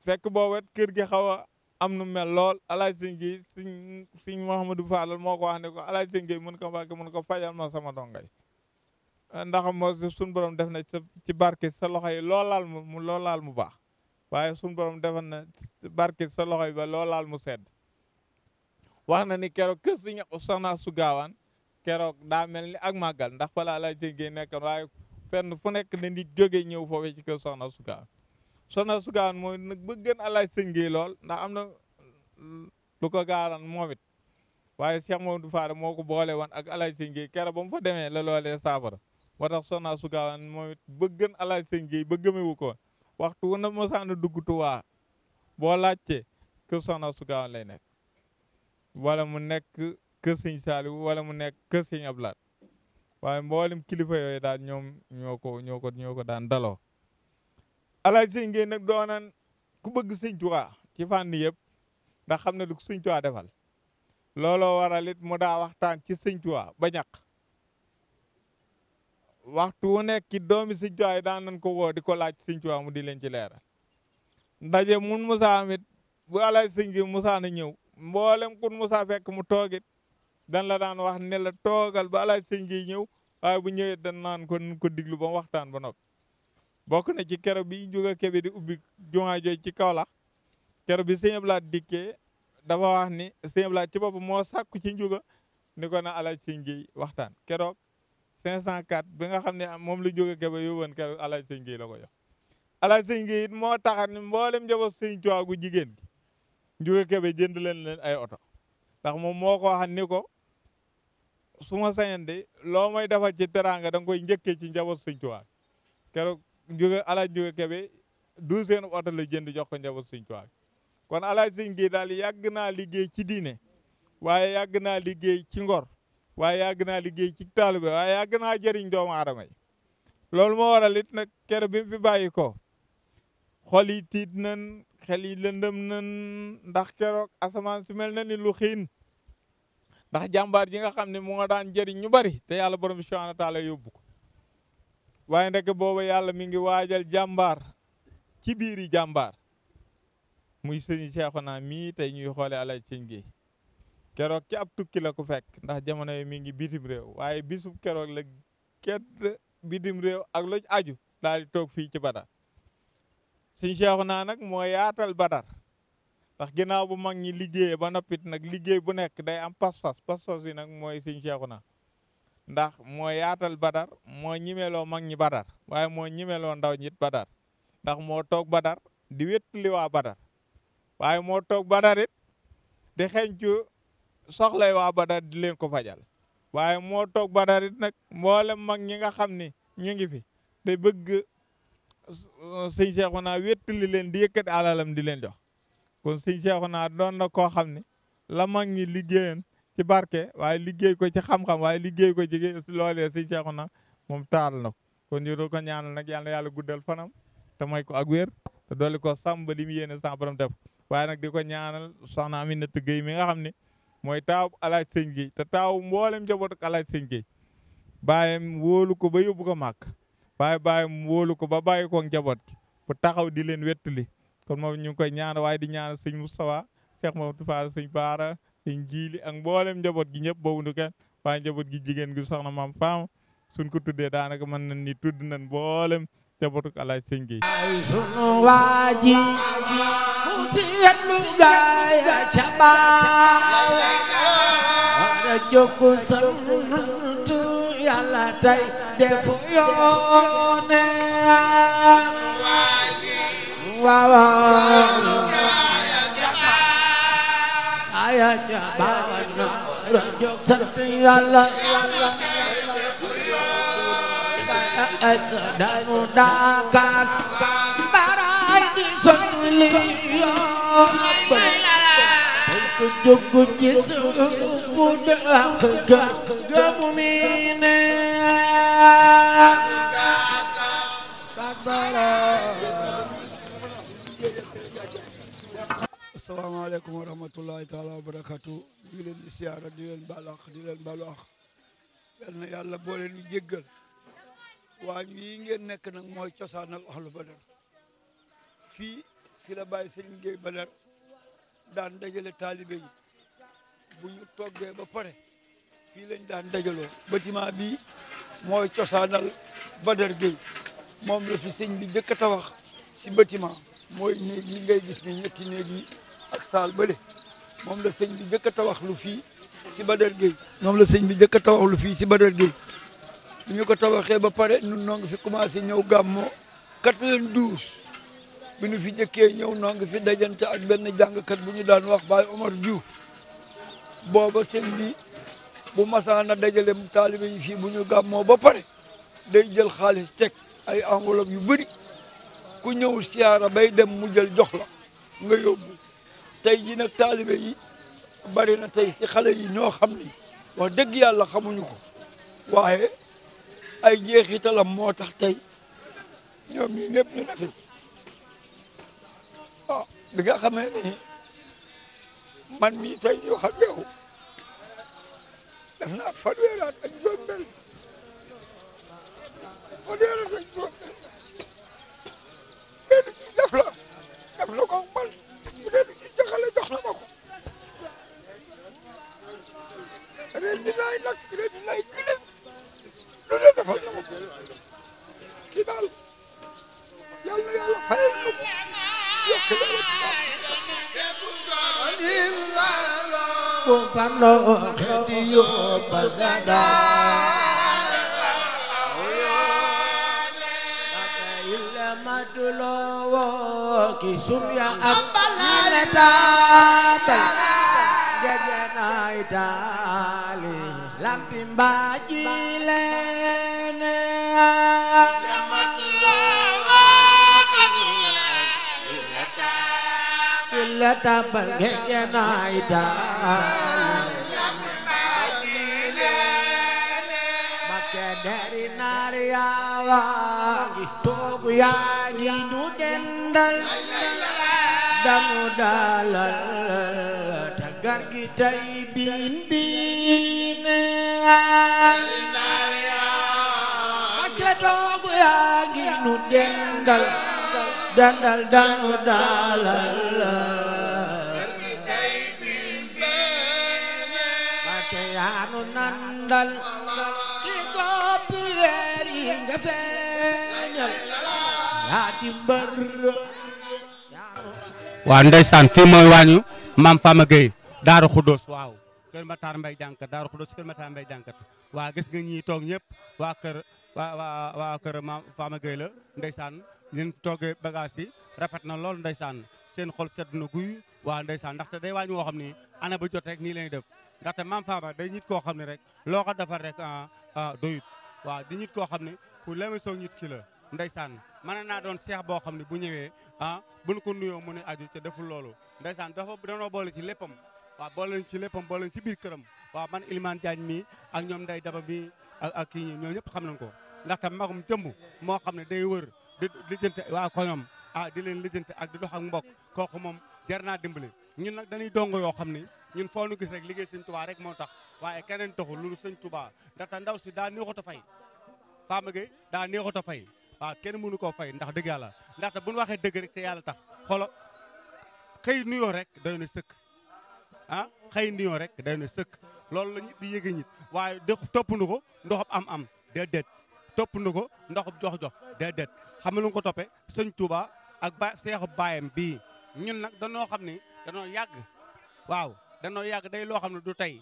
fekk boobu kër gi xaw a am nu mel lool alaaj sëñ Gueye sëñ sëñ Mouhamadul Faadal moo ko wax ko alaaj sëñ Gueye mun ko mbàkke mun ko fajal ma sama donga yi ndax moo suñ borom def na ci barke sa loxo yi loolaal mu loolaal mu baax waaye suñ borom defal na barke sa loxo yi ba loolaal mu sedd wax na ni keroog kër si ñax soxna su gaawaan keroog daa mel ni ak màggal ndax balaa la jéggee nekkoon waaye fenn fu nekk ne nit jógee ñëw foofee ci kër soxna su gaawaan soxna su gaawaan mooy nag ba gën alaaj sëngee lool ndax am na lu ko gaaran moom it waaye Cheikh Mamadou Faare moo ko boole wan ak alaaj sëngee keroog ba mu fa demee la loolee saafara moo tax soxna su gaawaan moom alaaj sëñ Géey ba gëmewu ko waxtu wu na mosaan a dugg Tuubaa boo laajte kër soxna su gaawaan nekk wala mu nekk kër sëñ Saaliw wala mu nekk kër sëñ Ablaat waaye mboolem kilifa yooyu daal ñoom ñoo ko daan daloo alaaj sëñ Géey doonan ku bëgg sëñ Tuubaa ci fànn yëpp ndax xam ne lu sëñ Tuubaa defal looloo waral mu daa waxtaan ci sëñ Tuubaa ba ñàkk waxtu wu nekk ki doomi Sëñ Tuubaa daan nañ ko woo di ko laaj Sëñ Tuubaa mu di leen ci leeral ndaje mun Moussa amit bu alay sëñ gi na ñëw mboolem kun musa fekk mu toogit dan la daan wax ne la toogal ba alay sëñ gi ñëw waaye bu ñëwee dan naan ko ko diglu ba waxtaan ba noppi bokk na ci kero bi jóge Kébé di ubbi jumaa jooju ci Kaolack kero bi sëñ Ablaat dikkee dafa wax ni sëñ Ablaat ci bopp moo sàkku ci njuga ni ko na alaj sëñ waxtaan keroog 504 bi nga xam ne moom la jóge Kébé yóbbuwoon keroog alaaj sëñ Guèye la ko jox alaaj sëñ Guèye it moo taxat ni mboolem njaboot sëñ Tuubaa gu jigéen gi jóge Kébé jënd leen leen ay oto ndax moom moo ko waxat ni ko su ma sañan de loo may defal ci teraanga da koy njëkkee ci njaboot sëñ Tuubaa keroog jóge alaaj jóge Kébé douzaine oto la jënd jox ko njaboot sëñ Tuubaa kon alaaj sëñ Guèye daal yàgg naa liggéey ci diine waaye yàgg naa liggéey ci ngor waaye yàgg naa liggéey ci taalibe waaye yàgg naa jëriñ doomu aadama yi loolu moo waral it nag kere bi fi bàyyi ko xol yi tiit nan xel yi lëndëm nan ndax keroog asamaan si mel na ni lu xiin ndax jàmbaar ji nga xam ne moo daan jëriñ ñu bari yàlla borom bi subhaana taala yóbbu ko waaye ndek booba yàlla mi ngi waajal jàmbaar ci biiri jàmbaar muy sëñ Seexuna mii tey ñuy xoole Alaaji Sëñ Géey keroog ci ab tukki la ko fekk ndax jamono yi mi ngi bitim réew waaye bisub keroog la kenn bitim réew ak lu aju daal di toog fii ci Badar suñ seexu naa nag moo yaatal Badar ndax ginnaaw bu mag ñi liggéeyee ba noppit nag liggéey bu nekk day am pas-pas pas-pas yi nag mooy suñ seexu naa ndax moo yaatal Badar moo ñimeloo mag ñi Badar waaye moo ñimeloo ndaw ñit Badar ndax moo toog Badar di wéttali waa Badar waaye moo toog Badar di xencu soxlay waa Badar di leen ko fajal waaye moo toog Badar it nag mboolem mag ñi nga xam ni ñu ngi fi te bëgg euh, sëñ Cheikhouna wéttali leen di yëkkati alalam di leen jox kon sëñ naa doon na koo xam ne la mag ñi liggéeyan ci barke waaye liggéey ko ci xam-xam waaye liggéey ko ci loolee sëñ Cheikhouna moom taal na ko kon ñu doon ko ñaanal nag yàlla yàlla guddal fanam te may ko ak wér te ko sàmm ba li mu yéene sa borom def waaye nag di mi nga xam ni mooy taaw alaaj sëñ gi te taaw mboolem njaboot ak alaaj sëñ gi bàyyam wóolu ko ba yu ko màkk waaye bàyyam wóolu ko ba bàyyi ko njaboot gi bu taxaw di leen wettali kon moom ñu ngi koy ñaan waaye di ñaan sëñ Moustapha Cheikh Mamadou Fall sëñ Baara sëñ Jiili ak mboolem njaboot gi ñëpp boobu kenn waaye njaboot gi jigéen gi soxna maam faam suñ ko tuddee daanaka mën nañ ni tudd nañ mboolem njabootu alaaj sëñ Guèye sunu waa ji mu seetlu gaay a ca baal wara jokku sant yàlla tey defu yoone waaw gaay a ca baal wara jokku sant yàlla danu dakas baray di sonli yo ko jogu ci bu dak gak gamu mine takbara asalaamaaleykum wa rahmatullahi taala wa barakatu di leen siyaara di leen balax di leen balax yal na yàlla boo leen jéggal waañ wii ngeen nekk nag mooy cosaanal ahlu badar fii fi la bàyyi sëriñ Géey Badar daan dajale taalibe yi bu ñu toggee ba pare fii lañ daan dajaloo bâtiment bi mooy cosaanal Badar Géey moom la fi sëñ bi jëkk a tabax si bâtiment mooy néeg ngay gis ni ñetti néeg yi ak saal bële moom la sëñ bi jëkk a fii si Badar Géey moom la sëñ bi jëkk a lu fii si Badar Géey bi ñu ko tabaxee ba pare ñun noo ngi fi commencé ñëw gàmmoo 92 bi ñu fi njëkkee ñëw noo ngi fi dajante ak benn jàngkat bu ñu daan wax Baye Omar Diouf booba sëñ bi bu masaa a dajale mu taalibe yi fii bu ñu gàmmoo ba pare day jël xaalis teg ay enveloppe yu bëri ku ñëw siyaara bay dem mu jël jox la nga yóbbu tey ji nag taalibe yi bari na tey ci xale yi ñoo xam ni wax dëgg yàlla xamuñu ko waaye ay jeexitalam moo tax tey ñoom ñi ñëpp ñu ne fi ah, bi nga xamee man mii tey ñu wax ak yow naa fanweeri at ak juróom-benn fanweeri at ak juróom-benn benn ci la def na ko man bu dee ci jaxale jox na ma lu ne defoon na ko kii daal yal na yàlla fayal ko yokk leen bu ki sumya ambalale ta ta jajanai dali lampi mbaaji leen la tambal ngeje naay daal lampi mbaaji leen bakke deri naar toogu yaa ngi nu dendal danu dalal tagar gi tay makke toogu yaa ngi nu dendal dandal danu dalal la makke yaa nu nandal ci koppi weer yi nga feeñal yaa di mbër waaw ndeysaan fii mooy waañu maam Fama Gueye Daaru Xuddoos waaw kër Matar Mbaye jànkat Daaru Xudoos kër Matar Mbaye jànkat waa gis nga ñi toog ñëpp waa kër waa waa waa kër ma Fama Gueye la ndeysaan ñun toogee bagage yi rafet na lool ndeysaan seen xol sedd na guy waa ndeysaan ndaxte day waañ woo xam ni ana bu jot rek nii lañuy def ndaxte maam Fama day nit koo xam ne rek loo ko defar rek ah, ah, doyut waaw di nit koo xam ne ku leme soog nit ki la ndeysaan mën naa doon seex boo xam ne bu ñëwee ah buñ ko nuyoo mu ne aju te deful loolu ndeysaan dafa danoo boole waaw boole nañ ci léppam boole nañ ci biir këram waaw man Ilimane Diagne mii ak ñoom day daba mii ak ak kii ñoo ñëpp xam nañ ko ndaxte magum jëmbu moo xam ne day wër di lijjante waa koñom ah di leen lijjante ak di dox ak mbokk kooku moom jar naa dimbali ñun nag dañuy dongo yoo xam ne ñun foo nu gis rek liggéey sëñ Tuubaa rek moo tax waaye keneen taxul lu sëñ Tuubaa ndaxte ndaw si daa neexut a fay Fama gi daa neexut a fay waaw kenn mënu koo fay ndax dëgg yàlla ndaxte bu ñu dëgg rek yàlla tax xolo xëy nuyoo rek doy sëkk ah xëy ndiñoo rek day na sëkk loolu la ñit di yëge ñit waaye de topp na ko ndoxam am-am déedéet topp na ko ndoxam jox-jox déedéet xam nga lu nga ko toppee sëñ Touba ak ba seexu baayam bii ñun nag danoo xam ne danoo yàgg waaw danoo yàgg day loo xam ne du tey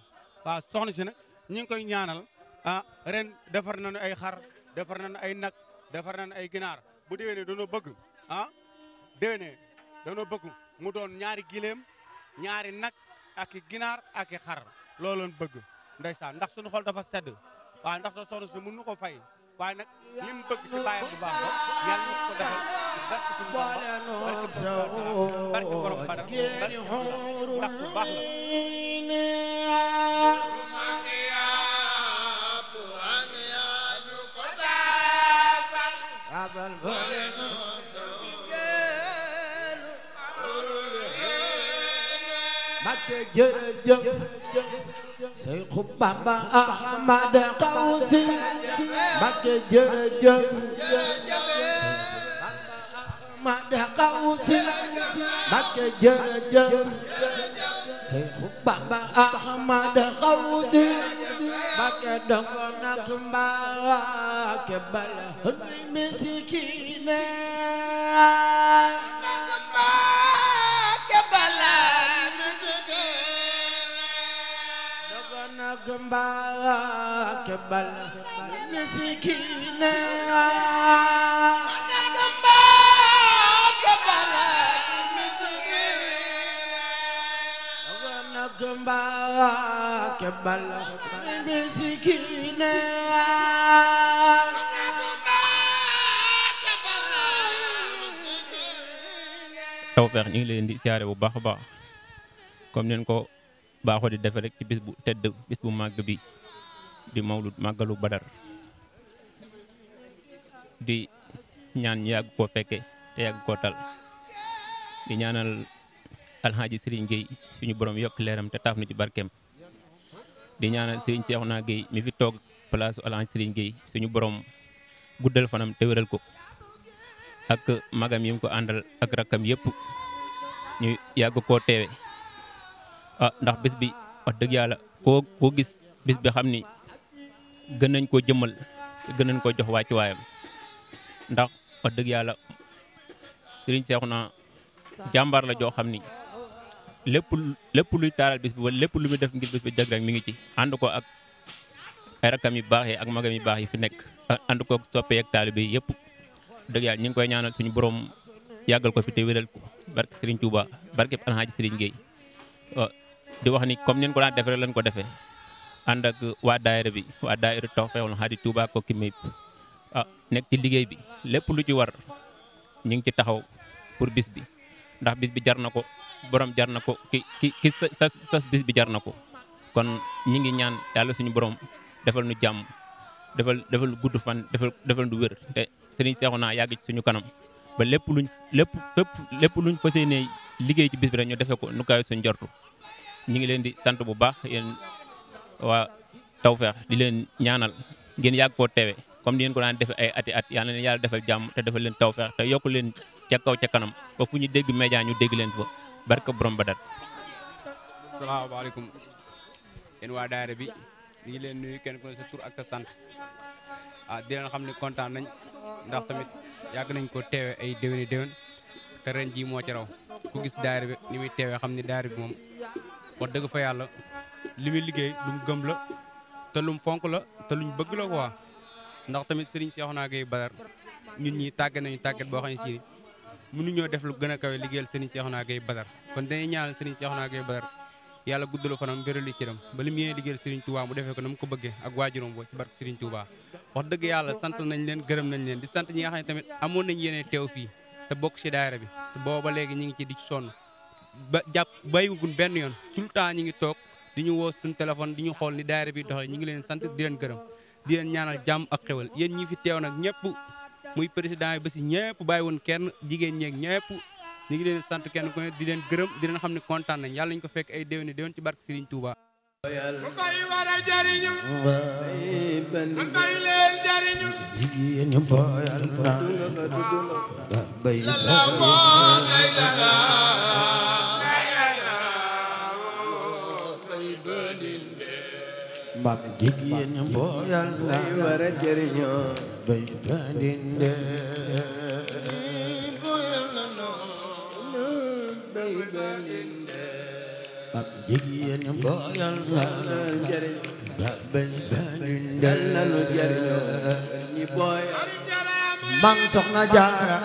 waaw soxna si nag ñu ngi koy ñaanal ah ren defar nañu ay xar defar nañu ay nag defar nañu ay ginaar bu déwénee danoo bëgg ah déwénee bëgg mu doon ñaari gileem ñaari nag ak ginaar aki i xar loolu lañ bëgg ndeysaan ndax suñu xol dafa sedd waa ndax da soxna si mën fay waa nag li bëgg ci bàyyam bu baax yàlla na ko defal barke suñu borom barke borom barke borom barke jërëjëf Seexu Bamba Ahmad Xawsi Mbakke jërëjëf Ahmad Xawsi Mbakke jërëjëf Seexu Bamba Ahmad Xawsi Mbakke dongo nak Mbakke bala hëndi misikine Mbacke bal misikine Mbacke bal misikine Tawfekh ñu ngi leen di siyaare bu baax a baax comme nen ko baaxoo di defe rek ci bis bu tedd bis bu màgg bi di mawlud màggalu badar di ñaan yàgg koo fekke te yàgg koo tal di ñaanal alxaaji Serigne Gueye suñu boroom yokk leeram te taaf na ci barkeem di ñaanal Serigne Cheikhouna Gueye mi fi toog place alxaaji Serigne Gueye suñu boroom guddal fanam te wéral ko ak magam yi mu ko àndal ak rakkam yépp ñu yàgg koo teewe ah ndax bis bi wax dëgg yàlla koo koo gis bis bi xam ni gën nañ koo jëmmal gën nañ koo jox wàcc waayam ndax wax dëgg yàlla Serigne Cheikhouna jàmbaar la joo xam ni lépp lépp luy taaral bis bi wala lépp lu muy def ngir bis bi jag rek mi ngi ci ànd ko ak ay rakkam yu baax ak magam yu baax yi fi nekk ànd ko soppee ak taalibe yi yëpp dëgg yàlla ñu ngi koy ñaanal suñu borom yàggal ko fi te wéral ko barke Serigne Touba barke Alhaji Serigne Gueye di wax ni comme nin ko daan defee rek ko defee ànd ak waa daayira bi waa daayira Tawféexul Xadim Touba Koki Mayib ah nekk ci liggéey bi lépp lu ci war ñu ngi ci taxaw pour bis bi ndax bis bi jar na ko borom jar na ko ki ki ki sa sa bis bi jar na ko kon ñi ngi ñaan yàlla suñu borom defal nu jàmm defal defal gudd fan defal defal nu wér te Serigne Cheikhouna yàgg ci suñu kanam ba lépp luñ lépp fépp lépp luñ fas yéenee liggéey ci bis bi rek ñu defee ko nu kaay suñu jortu ñi ngi leen sant bu baax yéen waa Tawfekh di leen ñaanal ngeen yàgg koo teewe comme ngeen ko daan defee ay ati at yal na yàlla defal jàmm te leen Tawfekh te yokk leen ca kaw ca kanam ba ñu dégg média ñu dégg leen fa barka borom ba dat salaamaaleykum yéen waa daayira bi ñu ngi leen nuyu kenn ku sa tur ak sa sant ah di leen xam ne kontaan nañ ndax tamit yàgg nañ ko teewe ay déwéni déwén te ren jii moo ci raw ku gis daayira bi ni muy teewee xam ne daayira bi moom wax dëgg fa yàlla li muy liggéey lu mu gëm la te lu mu fonk la te luñ bëgg la quoi ndax tamit Serigne Cheikhouna Gaye Badar ñun ñi tàggat nañu tàggat boo xam ne si mënuñoo def lu gën a kawe liggéeyal Serigne Cheikhouna Gaye Badar kon dañuy ñaanal Serigne Cheikhouna Gaye Badar yàlla guddalu fanam mbéralu cëram ba li mu yéene liggéeyal Serigne Touba mu defee ko na mu ko bëggee ak waajuram bo ci barke Serigne Touba wax dëgg yàlla sant nañ leen gërëm nañ leen di sant ñi nga xam ne tamit amoon nañ yéene teew fii te bokk ci daayira bi te léegi ñu ngi ci di sonn ba jàpp bàyyiwugun benn yoon tout le ñu ngi toog di ñu woo suñu téléphone di ñu xool ni daayira bi doxee ñu ngi leen sant di leen gërëm di ñaanal jàmm ak xewal yéen ñi fi teew nag ñëpp muy président ba si ñëpp bàyyiwun kenn jigéen ñeeg ñëpp ñu ngi leen sant kenn ku di leen gërëm di leen xam ne kontaan nañ yàlla ñu ko fekk ay déwéni déwén ci barke Serigne Touba. ku koy maam jigéen boo yàlla wara jëriñoo bay bandinde boo yàlla noo bay bandinde maam jigéen boo yàlla jëriñoo bay bandinde yàlla nu jëriñoo ni booy maam soxna jaara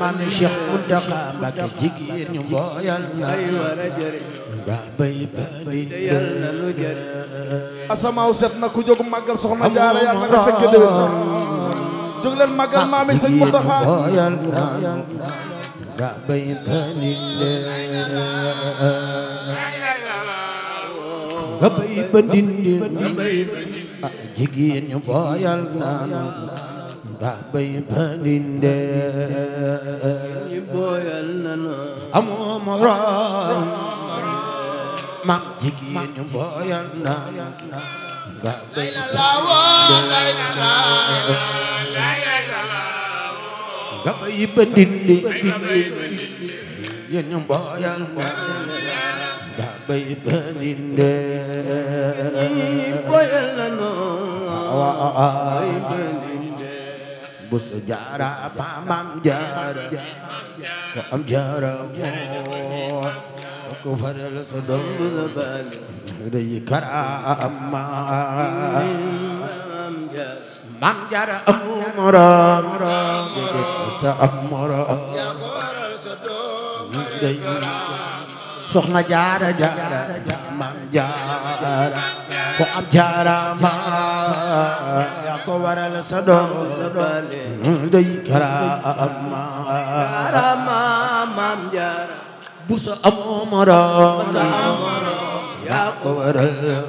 maam Cheikh Mountakha Mbacké jigéen ñu boo yàlla wara jëriñoo asamaaw set na ku jóg màggal soxna jaara yàlla nga fekke déwén jóg leen màggal ah, maami sëñ Muntaxa rabay ba dindin jigéen ñu booyal naanu rabay ba dindin ñu booyal naanu amoo morom mam jigéen ñu booyal na lay la lawoo lay la lawoo lay la lawoo gaba yi ba dindi yéen ñu booyal na gaba yi ba dindi booyal na noonu bu su jaara paamam jaara ko am jaara moo ko faral so doon nga baal day karaama mam jara am morom de asta am morom day soxna jaara jaara mam jaara ko am jaarama yaa ko waral sa doom day karaama karaama mam jaara bu sa am moroom yaa ko waral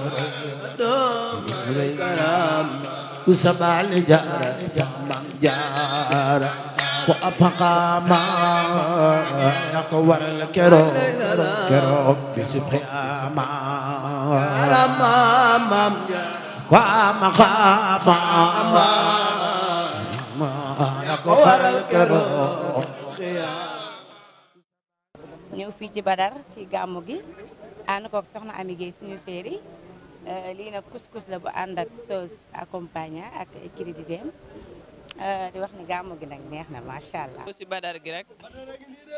ku sa baal jaara man jaara ku apakaama yaa ko waral keroog keroog bisub xiyaama ku amakaama yaa ko waral keroog ñëw fii ci Badar ci gàmmu gi ànd kook soxna Ami Guèye suñu séeri euh, lii nag couscous la bu ànd ak sauce accompagné ak créditém euh, di wax ni gàmmu gi nag neex na macha allah. si Badar gi rek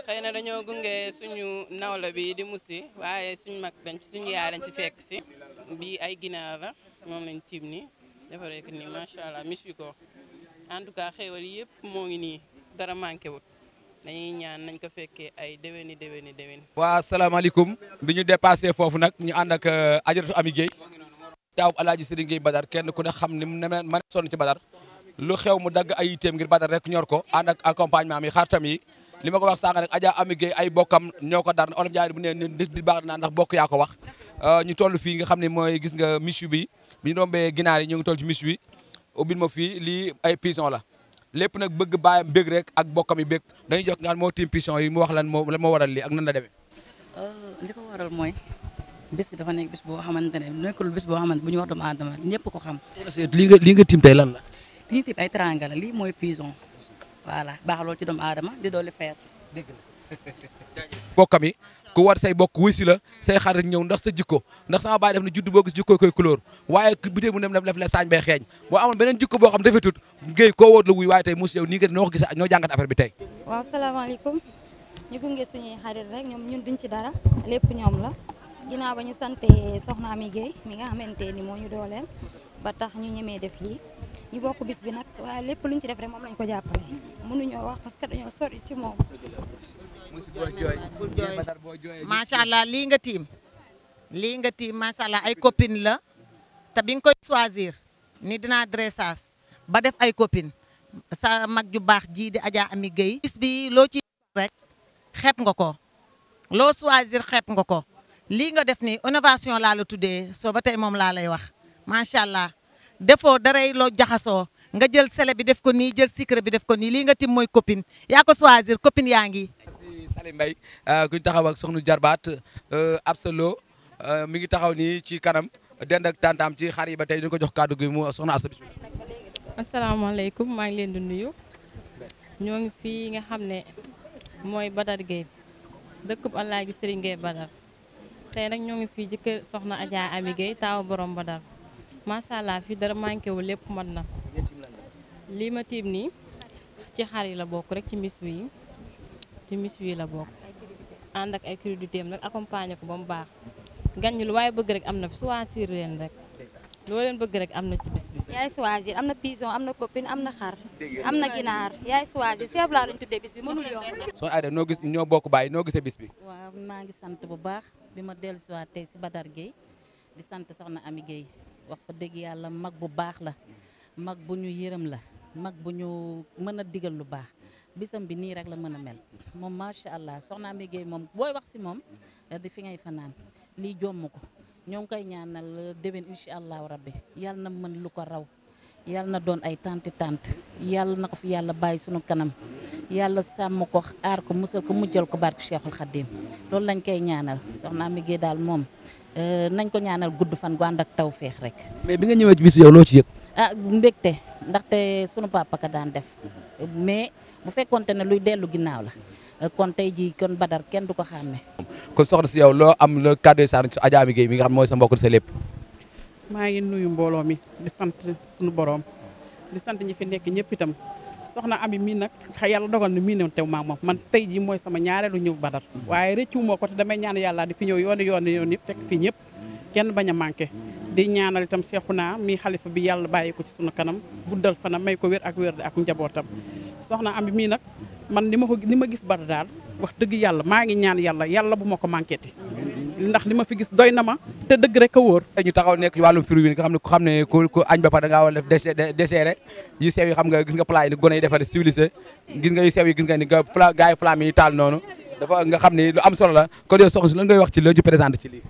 xëy na dañoo gunge suñu nawla bi di musi waaye suñu mag dañ suñu yaay dañ ci fekk si bii ay ginaar la moom lañ tiim nii ko nii macha allah mis en tout cas xéewal yëpp moo ngi nii dara manqué wut. dañuy ñaan nañ ko fekkee ay déwéni déwéni déwéni. waaw asalaamaaleykum bi ñu dépassé foofu nag ñu ànd ak euh, ajaratu Ami Guèye taaw Alaaji Sëriñ Badar kenn ku ne xam ni ma sonn ci Badar lu xew mu dagg ay yitteem ngir Badar rek ñor ko ànd ak accompagnement mi xaritam yi li ma ko wax sànq rek Adja Ami ay bokkam ñoo ko dar olof jaar bu nee nit di baax naa ndax bokk yaa ko wax euh, ñu toll fii nga xam ne mooy gis nga miche bi bi ñu doon ginaar yi ñu ngi toll ci miche bi ubbil ma fii lii ay pison la lépp nag bëgg baayam bég rek ak bokkam yi bég dañuy jot ngaan moo tiim pigeon yi mu wax lan moo lan moo waral li ak nan la demee. Euh, li ko waral mooy bis dafa nekk bis boo xamante ne nekkul bis boo xamante bu ñu wax doomu aadama ñëpp ko xam. lii nga lan la. ay teraanga lii mooy pigeon. voilà baax loolu ci doomu aadama di dooli feer dëgg la. bokkam yi ku war say bokk wuy si la say xarit ñëw ndax sa jikko ndax sama baay def na judd boo gis jikko koy couleur waaye bu dee mu dem def def la saañ bay xeeñ boo amoon beneen jikko la wuy waaye tey mos yow nii nga noo ko gis ñoo jàngat affaire bi tey waaw salaamaaleykum ñu gunge suñuy xarit rek ñoom ñun duñ ci dara la ginnaaw dooleel ba tax ñu ñemee def lii ñu bokk bis bi nag waaye lépp luñ ci def rek moom lañ ko jàppale mënuñoo wax parce que dañoo sori ci moom macha allah lii nga tiim lii nga tiim macha allah ay koppin la te bi nga koy choisir ni dinaa dressage ba def ay koppin sa mag ju baax jii di ajaa Ami Gueye bis bi loo ci rek xeeb nga ko loo choisir xeeb nga ko lii nga def ni innovation laa la tuddee soo ba tey moom laa lay wax macha allah defoo daray loo jaxasoo nga jël sele bi def ko nii jël sucre bi def ko nii lii nga tim mooy copine yaa ko choisir copine yaa ngi Ali euh, ku taxaw ak soxna Jarbaat euh, Absalo euh, mi ngi taxaw nii ci kanam dend ak tantam ci xar yi ba tey jox kàddu gi mu soxna Assa bisimilah. asalaamaaleykum maa ngi leen di ngi fii nga xam ne mooy Badar Gueye dëkkub allah gi Serigne nag ñoo ngi fii ci soxna Adja Ami taaw borom Badar macha fii dara manqué wu lépp mat na lii ma tiim nii ci xar yi la bokk rek ci mbis bi. ci Miss wi la bokk ànd ak ay crudités nag accompagner ko ba mu baax gan ñu lu waaye bëgg rek am na choisir leen rek loo leen bëgg rek am na ci bis bi. yaay choisir am na pison am na copine am na xar am na ginaar yaay choisir chef laa lañ tuddee bis bi mënul yomb. soo aada noo gis ñoo bokk baay noo gisee bis bi. waaw maa ngi sant bu baax bi ma dellu si waat tey si Badar Gueye di sant soxna Ami géey wax fa dëgg yàlla mag bu baax la mag bu ñu yërëm la mag bu ñu mën a digal lu baax. bisam bi nii rek la mën a mel moom macha allah soxna Ami Guèye moom booy wax si moom di fi ngay fanaan lii jomm ko ñoo ngi koy ñaanal déwén incha allahu rabbi yàlla na mën lu ko raw yàlla na doon ay tant tant yàlla na ko fi yàlla bàyyi sunu kanam yàlla sàmm ko aar ko musal ko mujjal ko barke Cheikhul Khadim loolu lañ koy ñaanal soxna Ami Guèye daal moom eh, nañ ko ñaanal gudd fan gu ànd ak taw feex rek. mais bi nga ñëwee bis bi yow loo ci yëg. ah mbégte ndaxte sunu papa ka daan def bu fekkonte ne luy dellu ginnaaw la euh, kon tey jii kon Badar kenn du ko xàmmee. kon soxna si yow loo am le cadre sa Adja Ami Gueye mi nga xam mooy sa mbokk sa lépp. maa ngi nuyu mbooloo mi di sant sunu boroom di sant ñi fi nekk ñëpp itam soxna Ami mii nag yàlla dogal na mii ne tew maa moom man tey jii mooy sama ñaareelu ñëw Badar mm-hmm. waaye rëccu moo ko te damay ñaan yàlla di fi ñëw yooni yooni yoon yëpp fekk fii ñëpp. kenn bañ a manqué di ñaanal itam naa mii xalifa bi yàlla bàyyi ko ci sunu kanam guddal fana may ko wér ak weer wér ak njabootam soxna am bi mii nag man li ma ko li ma gis bari daal wax dëgg yàlla maa ngi ñaan yàlla yàlla bu ma ko manqué ti ndax li ma fi gis doy na ma te dëgg rek a wóor taxaw nekk ci wàllum fruit yi nga xam ne ko xam ne ku ku añ ba pare xam nga gis nga plat yi ni gone yi defar civilisé nga sew yi gis nga ni ga gars taal noonu nga xam ne lu am solo la kon yow soxna si ngay wax ci la ju ci lii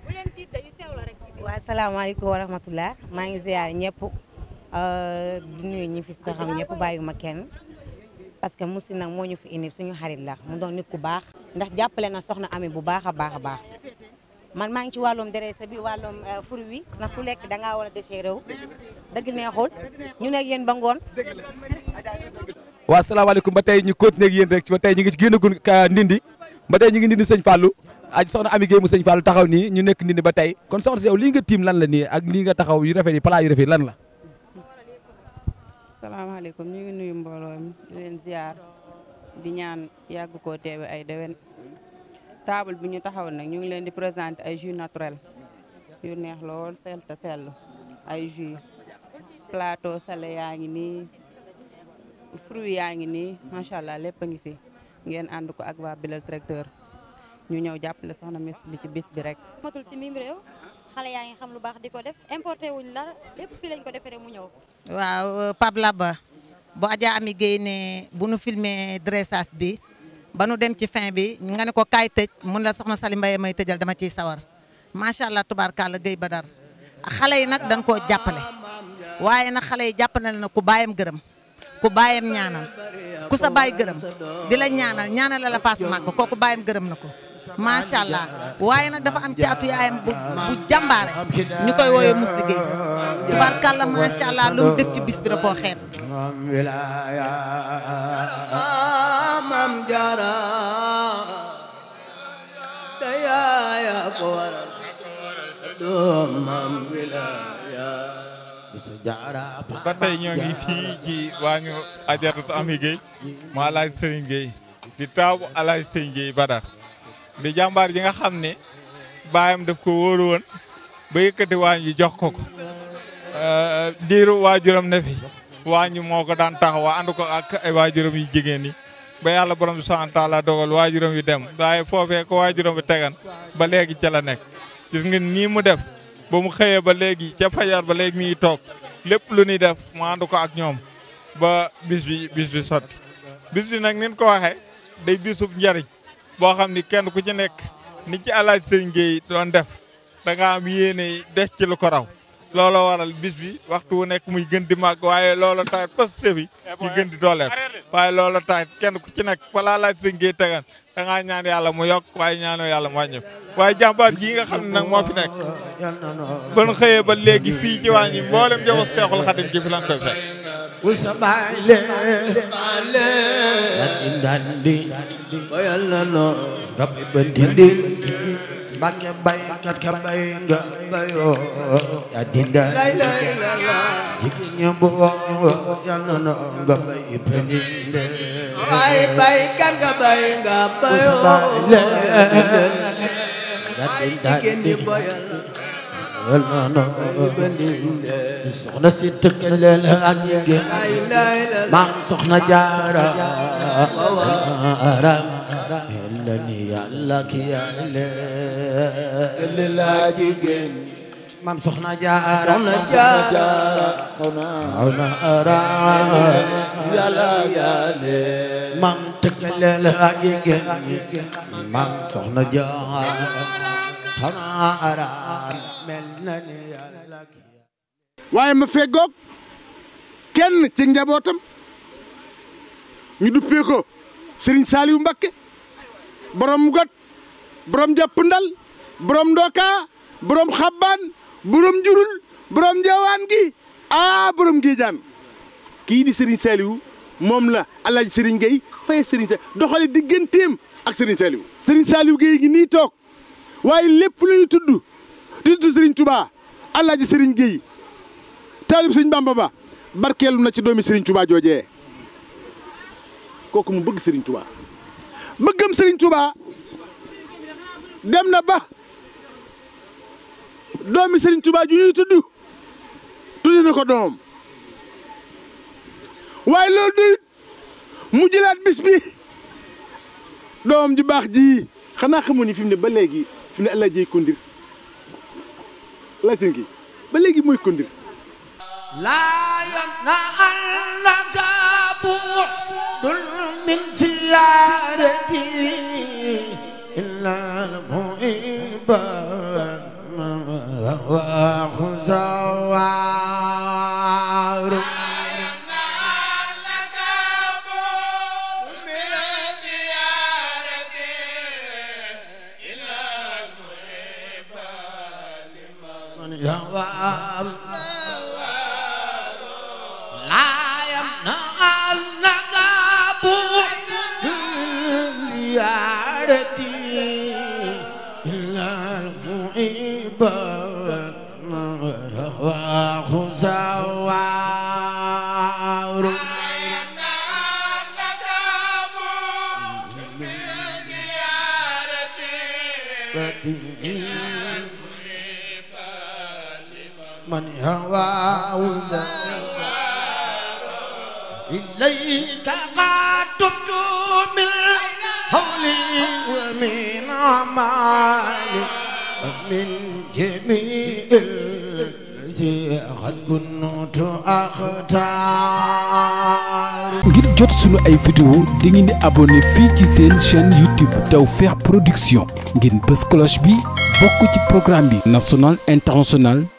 waa salaamaaleykum wa rahmatullah maa ngi ziar ñëpp euh, di nuyu ñi fi taxaw ñëpp bàyyiwuma kenn parce que Mousty nag moo ñu fi indi suñu xarit la mu doon nit ku baax ndax jàppale na soxna Ami bu baax a baax a baax man maa ngi ci wàllum dérese bi wàllum euh, fruit wi ndax ku lekk da war a déchiré wu dëgg neexul ñu nekk yéen ba ngoon. waa salaamaaleykum ba tey ñu continuer ak yéen rek ba tey ñu ngi génnagun ndindi ba tey ñu ngi ndindi sëñ Fallou. aj soxna Ami Gueye mu sëñ Fall taxaw nii ñu nekk nii ba tey kon soxna si yow lii nga tiim lan la nii ak lii nga taxaw yu rafet yi plat yu rafet lan la salaamaaleykum ñu ngi nuyu mbooloo mi di leen ziar di ñaan yàgg koo teewe ay déwén table bu ñu taxaw nag ñu ngi leen di présenter ay jus naturel yu neex lool sell te ay jus plateau salé yaa ngi nii fruit yaa ngi nii macha allah lépp a ngi fi ngeen ànd ko ak waa Bilal tracteur ñu ñëw jàppale soxna Miss bi ci bis bi rek. xale yaa ngi xam lu baax di ko def importé wuñ la lépp fii lañ ko defee mu ñëw. waaw euh, Pape ba bu Adja Ami Guèye ne bu nu filmé dressage bi ba nu dem ci fin bi nga ne ko kaay tëj mun la soxna Sali Mbaye may tëjal dama ciy sawar macha allah tubaarkàlla ba Badar xale yi nag dañ koo jàppale waaye nag xale yi jàppale na ku bàyyam gërëm. ku bàyyam ñaanal ku sa bàyyi gërëm di la ñaanal ñaanal la la paas màgg kooku ko macha allah waaye nag dafa am caatu yaayam bu bu jàmbaare koy woowee Mousty Gueye tubaarkàlla macha allah lu mu def ci bis bi da xeet. ba tey ñoo ngi fii ci waa ñu ajaratu Ami Gueye mu alaaj Sëriñ Gueye di taaw alaaj Sëriñ Gueye Badar di jàmbaar ji nga xam ne baayam daf ko wóoru woon ba yëkkati waañ ji jox ko ko euh, diiru waajuram ne fi waañ moo ko daan wa ànd ko ak ay waajuram yu jigéen yi ba yàlla borom bi subhaanahu wa taala dogal waajuram yi dem waaye foofee ko waajuram bi tegan ba léegi ca la nekk gis nga nii mu def ba mu xëyee ba léegi ca fajar ba léegi mi ngi toog lépp lu ñuy def mu ànd ko ak ñoom ba bis bi bis bi sotti bis bi nag nin ko waxe day bisub njariñ boo xam ni kenn ku ci nekk ni ci alaaj sën Gueye doon def da nga am yéene def ci lu ko raw looloo waral bis bi waxtu wu nekk muy gën di màgg waaye looloo tax poste bi ñu gën di dooleem waaye looloo tax kenn ku ci nekk balaa laaj sëñ Gueye tegaan ñaan yàlla mu yokk waaye ñaanoo yàlla mu wàññi waaye jàmbaar ji nga xam ne moo fi nekk ban xëyee ba léegi fii ci wàññi mboolem jëwa seexul xadim ji fi وسبعلي داندي ويلا نو رب بدي باكي باي كات كباي بايو يا ديندا لا لا لا لا يكني بو يا نو غباي بني باي باي كات كباي غبايو باي يكني بايو soxna si tëkkaleel ak yéege maam soxna jaara aram illa ni yàlla ki yàlla laa jigéen maam soxna jaara xona aram yàlla yàlla maam tëkkaleel ak yéege maam soxna jaara waaye ma feggoog kenn ci njabootam ñu duppee ko Serigne Saliou Mbakke borom got borom jàpp ndal borom ndoka borom xabbaan borom njurul borom njawaan gi a borom géejaan kii di Serigne Saliou moom la El Hadj Serigne fay Serigne Saliou doxale digganteem ak Serigne Saliou Serigne Saliou Gueye gi nii toog. waaye lépp lu ñu tudd di tudd Serigne Touba Alaaji Serigne Gueye taalib Serigne Bamba ba na ci doomi sëriñ Touba joojee kookumu bëgg Serigne Touba bëggam Serigne Touba dem na ba doomi Serigne Touba ju ñuy tudd tudd na ko doom waaye loolu du mu jëlaat bis doom ju baax ji xanaa xamu ni fi mu ne ba léegi. fi ne El Hadj kondir Latin gi ba léegi mooy kondir laa yam na allaka bu'dun min ziyaarati illa al-muhiba wa huzawa وعودا إليك قد تبت من قولي ومن أعمالي ومن جميع الذي قد كنت أختار ngir jot sunu ay vidéo di ngeen di fii ci seen chaîne YouTube Tawfekh Production ngeen bës cloche bi bokk ci programme bi national international